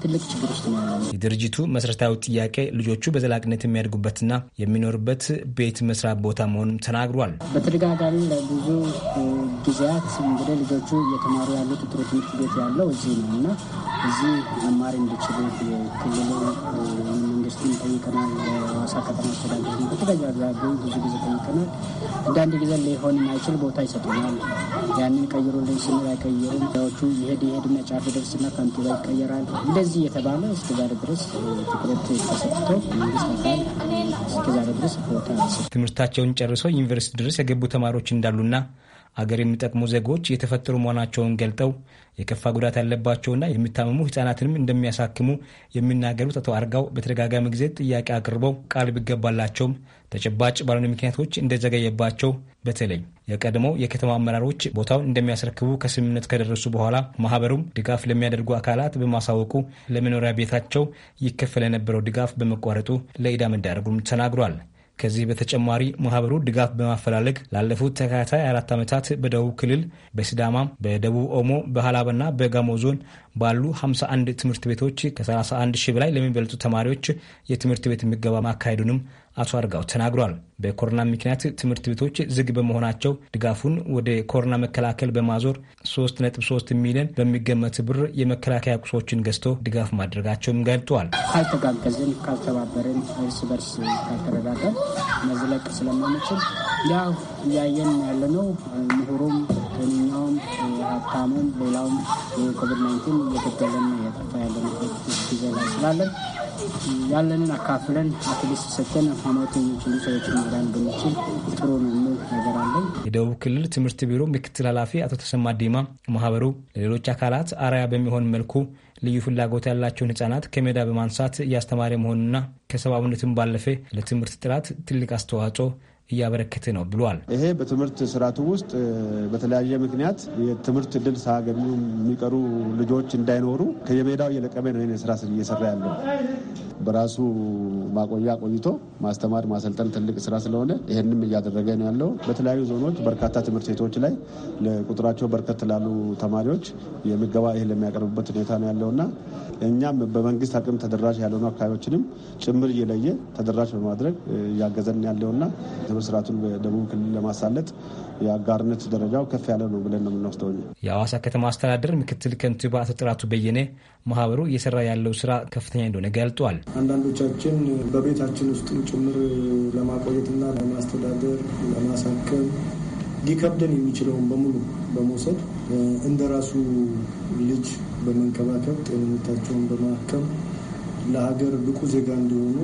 ትልቅ ችግር ውስጥ ነው ያለ። የድርጅቱ መሰረታዊ ጥያቄ ልጆቹ በዘላቅነት ስሜት የሚያድጉበትና የሚኖርበት ቤት መስራት ቦታ መሆኑም ተናግሯል። በተደጋጋሚ ለብዙ ጊዜያት እንግዲህ ልጆቹ እየተማሩ ያሉት ጥሩ ትምህርት ቤት ያለው እዚህ ነው እና እዚህ መማር እንዲችሉ ክልሉ መንግስቱን ጠይቀናል። ሀዋሳ ከተማ አስተዳደር በተደጋጋሚ ብዙ ጊዜ ጠይቀናል። አንዳንድ ጊዜ ሊሆን የማይችል ቦታ ይሰጡናል። ያንን ቀይሩልን ስንል አይቀይሩም። ዎቹ ይሄድ ይሄድ ጫፍ ደርስና ከንቲባ ይቀየራል። እንደዚህ የተባለ እስከ ድረስ ትኩረት ተሰጥቶ መንግስት እስከዛሬ ድረስ ትምህርታቸውን ጨርሰው ዩኒቨርሲቲ ድረስ የገቡ ተማሪዎች እንዳሉና አገር የሚጠቅሙ ዜጎች የተፈጠሩ መሆናቸውን ገልጠው የከፋ ጉዳት ያለባቸውና የሚታመሙ ህጻናትንም እንደሚያሳክሙ የሚናገሩት አቶ አርጋው በተደጋጋሚ ጊዜ ጥያቄ አቅርበው ቃል ቢገባላቸውም ተጨባጭ ባልሆኑ ምክንያቶች እንደዘገየባቸው በተለይ የቀድሞ የከተማ አመራሮች ቦታውን እንደሚያስረክቡ ከስምምነት ከደረሱ በኋላ ማህበሩም ድጋፍ ለሚያደርጉ አካላት በማሳወቁ ለመኖሪያ ቤታቸው ይከፈል የነበረው ድጋፍ በመቋረጡ ለኢዳ መዳረጉም ተናግሯል። ከዚህ በተጨማሪ ማህበሩ ድጋፍ በማፈላለግ ላለፉት ተከታታይ አራት ዓመታት በደቡብ ክልል በሲዳማ፣ በደቡብ ኦሞ፣ በሀላባና በጋሞ ዞን ባሉ 51 ትምህርት ቤቶች ከ31 ሺህ በላይ ለሚበልጡ ተማሪዎች የትምህርት ቤት ምገባ ማካሄዱንም አቶ አርጋው ተናግሯል። በኮሮና ምክንያት ትምህርት ቤቶች ዝግ በመሆናቸው ድጋፉን ወደ ኮሮና መከላከል በማዞር 3.3 ሚሊዮን በሚገመት ብር የመከላከያ ቁሶችን ገዝቶ ድጋፍ ማድረጋቸውም ገልጠዋል። ካልተጋገዝን፣ ካልተባበርን፣ እርስ በርስ ካልተረዳዳን መዝለቅ ስለማንችል ያው እያየን ያለ ነው። ምሁሩም ጤነኛውም ሀብታሙም ሌላውም የኮቪድ ናይንቲን እየገደለን እየጠፋ ያለንበት ጊዜ ላይ ስላለን ያለንን አካፍለን አትሊስት ሰተን ሀሞት የሚችሉ ሰዎች ነው እንደሚችል ጥሩ ነገር የደቡብ ክልል ትምህርት ቢሮ ምክትል ኃላፊ አቶ ተሰማ ዲማ ማህበሩ ለሌሎች አካላት አርአያ በሚሆን መልኩ ልዩ ፍላጎት ያላቸውን ህጻናት ከሜዳ በማንሳት እያስተማረ መሆኑና ከሰብአዊነትም ባለፈ ለትምህርት ጥራት ትልቅ አስተዋጽኦ እያበረከተ ነው ብሏል። ይሄ በትምህርት ስርዓቱ ውስጥ በተለያየ ምክንያት የትምህርት እድል ሳያገኙ የሚቀሩ ልጆች እንዳይኖሩ ከየሜዳው እየለቀመ ነው ስራ እየሰራ ያለው። በራሱ ማቆያ ቆይቶ ማስተማር ማሰልጠን ትልቅ ስራ ስለሆነ ይህንም እያደረገ ነው ያለው። በተለያዩ ዞኖች በርካታ ትምህርት ቤቶች ላይ ለቁጥራቸው በርከት ላሉ ተማሪዎች የምገባ ይህ ለሚያቀርቡበት ሁኔታ ነው ያለውና እኛም በመንግስት አቅም ተደራሽ ያልሆኑ አካባቢዎችንም ጭምር እየለየ ተደራሽ በማድረግ እያገዘን ያለውና ስርዓቱን በደቡብ ክልል ለማሳለጥ የአጋርነት ደረጃው ከፍ ያለ ነው ብለን ነው የምንወስደው። የአዋሳ ከተማ አስተዳደር ምክትል ከንቲባ አቶ ጥራቱ በየነ ማህበሩ እየሰራ ያለው ስራ ከፍተኛ እንደሆነ ገልጧል። አንዳንዶቻችን በቤታችን ውስጥም ጭምር ለማቆየትና ለማስተዳደር ለማሳከም ሊከብደን የሚችለውን በሙሉ በመውሰድ እንደ ራሱ ልጅ በመንከባከብ ጤንነታቸውን በማከም ለሀገር ብቁ ዜጋ እንዲሆኑ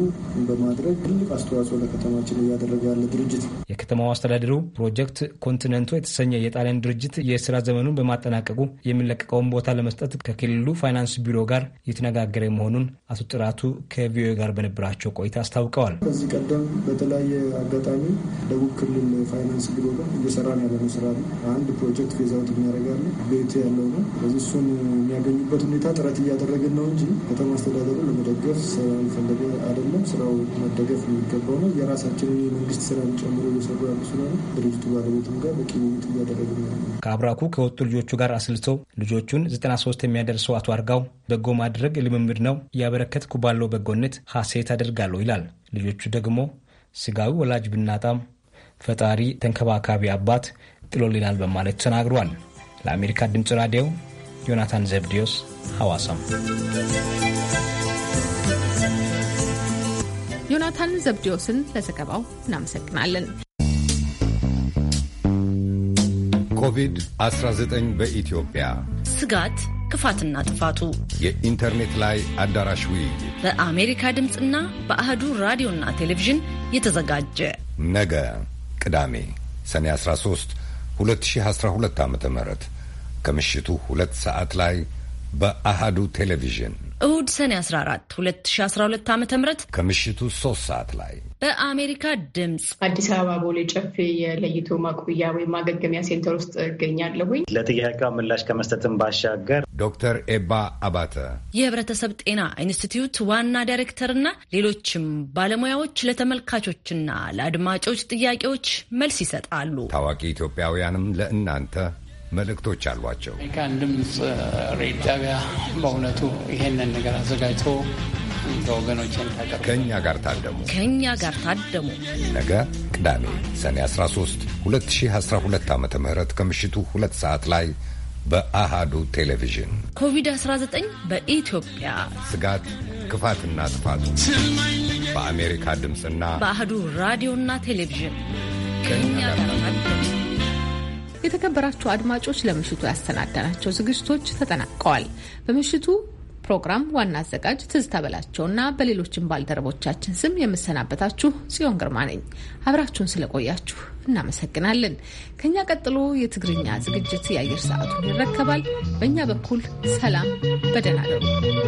በማድረግ ትልቅ አስተዋጽኦ ለከተማችን እያደረገ ያለ ድርጅት ነው። የከተማው አስተዳደሩ ፕሮጀክት ኮንቲነንቶ የተሰኘ የጣሊያን ድርጅት የስራ ዘመኑን በማጠናቀቁ የሚለቀቀውን ቦታ ለመስጠት ከክልሉ ፋይናንስ ቢሮ ጋር የተነጋገረ መሆኑን አቶ ጥራቱ ከቪኦኤ ጋር በነበራቸው ቆይታ አስታውቀዋል። ከዚህ ቀደም በተለያየ አጋጣሚ ደቡብ ክልል ፋይናንስ ቢሮ ጋር እየሰራ ነው ያለነው ስራ አንድ ፕሮጀክት ፌዛውት የሚያደርጋለ ቤት ያለው ነው። በዚህ እሱን የሚያገኙበት ሁኔታ ጥረት እያደረግን ነው እንጂ ከተማ አስተዳደሩ መደገፍ ስራ ፈለገ አይደለም። ስራው መደገፍ የሚገባው ነው። የራሳችንን የመንግስት ስራን ጨምሮ እየሰሩ ያሉ ስላለ ድርጅቱ ባለቤትም ጋር በቂ ውይይት ነው። ከአብራኩ ከወጡ ልጆቹ ጋር አስልቶ ልጆቹን 93 የሚያደርሰው አቶ አርጋው በጎ ማድረግ ልምምድ ነው ያበረከትኩ ባለው በጎነት ሀሴት አደርጋለሁ ይላል። ልጆቹ ደግሞ ስጋዊ ወላጅ ብናጣም ፈጣሪ ተንከባካቢ አባት ጥሎልናል በማለት ተናግሯል። ለአሜሪካ ድምፅ ራዲዮ ዮናታን ዘብዲዮስ ሐዋሳም ዮናታን ዘብዲዮስን ለዘገባው እናመሰግናለን። ኮቪድ-19 በኢትዮጵያ ስጋት ክፋትና ጥፋቱ የኢንተርኔት ላይ አዳራሽ ውይይት በአሜሪካ ድምፅና በአህዱ ራዲዮና ቴሌቪዥን የተዘጋጀ ነገ ቅዳሜ ሰኔ 13 2012 ዓ ም ከምሽቱ ሁለት ሰዓት ላይ በአሃዱ ቴሌቪዥን እሁድ ሰኔ 14 2012 ዓ ም ከምሽቱ 3 ሰዓት ላይ በአሜሪካ ድምፅ አዲስ አበባ ቦሌ ጨፌ የለይቶ ማቆያ ወይም ማገገሚያ ሴንተር ውስጥ እገኛለሁኝ። ለጥያቄዋ ምላሽ ከመስጠትን ባሻገር ዶክተር ኤባ አባተ የህብረተሰብ ጤና ኢንስቲትዩት ዋና ዳይሬክተርና ሌሎችም ባለሙያዎች ለተመልካቾችና ለአድማጮች ጥያቄዎች መልስ ይሰጣሉ። ታዋቂ ኢትዮጵያውያንም ለእናንተ መልእክቶች አሏቸው። አሜሪካን ድምፅ ሬዲዮ ጣቢያ በእውነቱ ይሄንን ነገር አዘጋጅቶ ወገኖችን ከእኛ ጋር ታደሙ ከእኛ ጋር ታደሙ። ነገ ቅዳሜ ሰኔ 13 2012 ዓ ም ከምሽቱ ሁለት ሰዓት ላይ በአሃዱ ቴሌቪዥን ኮቪድ-19 በኢትዮጵያ ስጋት ክፋትና ጥፋት በአሜሪካ ድምፅና በአህዱ ራዲዮና ቴሌቪዥን ከኛ ጋር ታደሙ የተከበራችሁ አድማጮች ለምሽቱ ያሰናዳናቸው ዝግጅቶች ተጠናቀዋል። በምሽቱ ፕሮግራም ዋና አዘጋጅ ትዝታ በላቸውና በሌሎችም ባልደረቦቻችን ስም የምሰናበታችሁ ጽዮን ግርማ ነኝ። አብራችሁን ስለቆያችሁ እናመሰግናለን። ከእኛ ቀጥሎ የትግርኛ ዝግጅት የአየር ሰዓቱን ይረከባል። በእኛ በኩል ሰላም፣ በደህና እደሩ።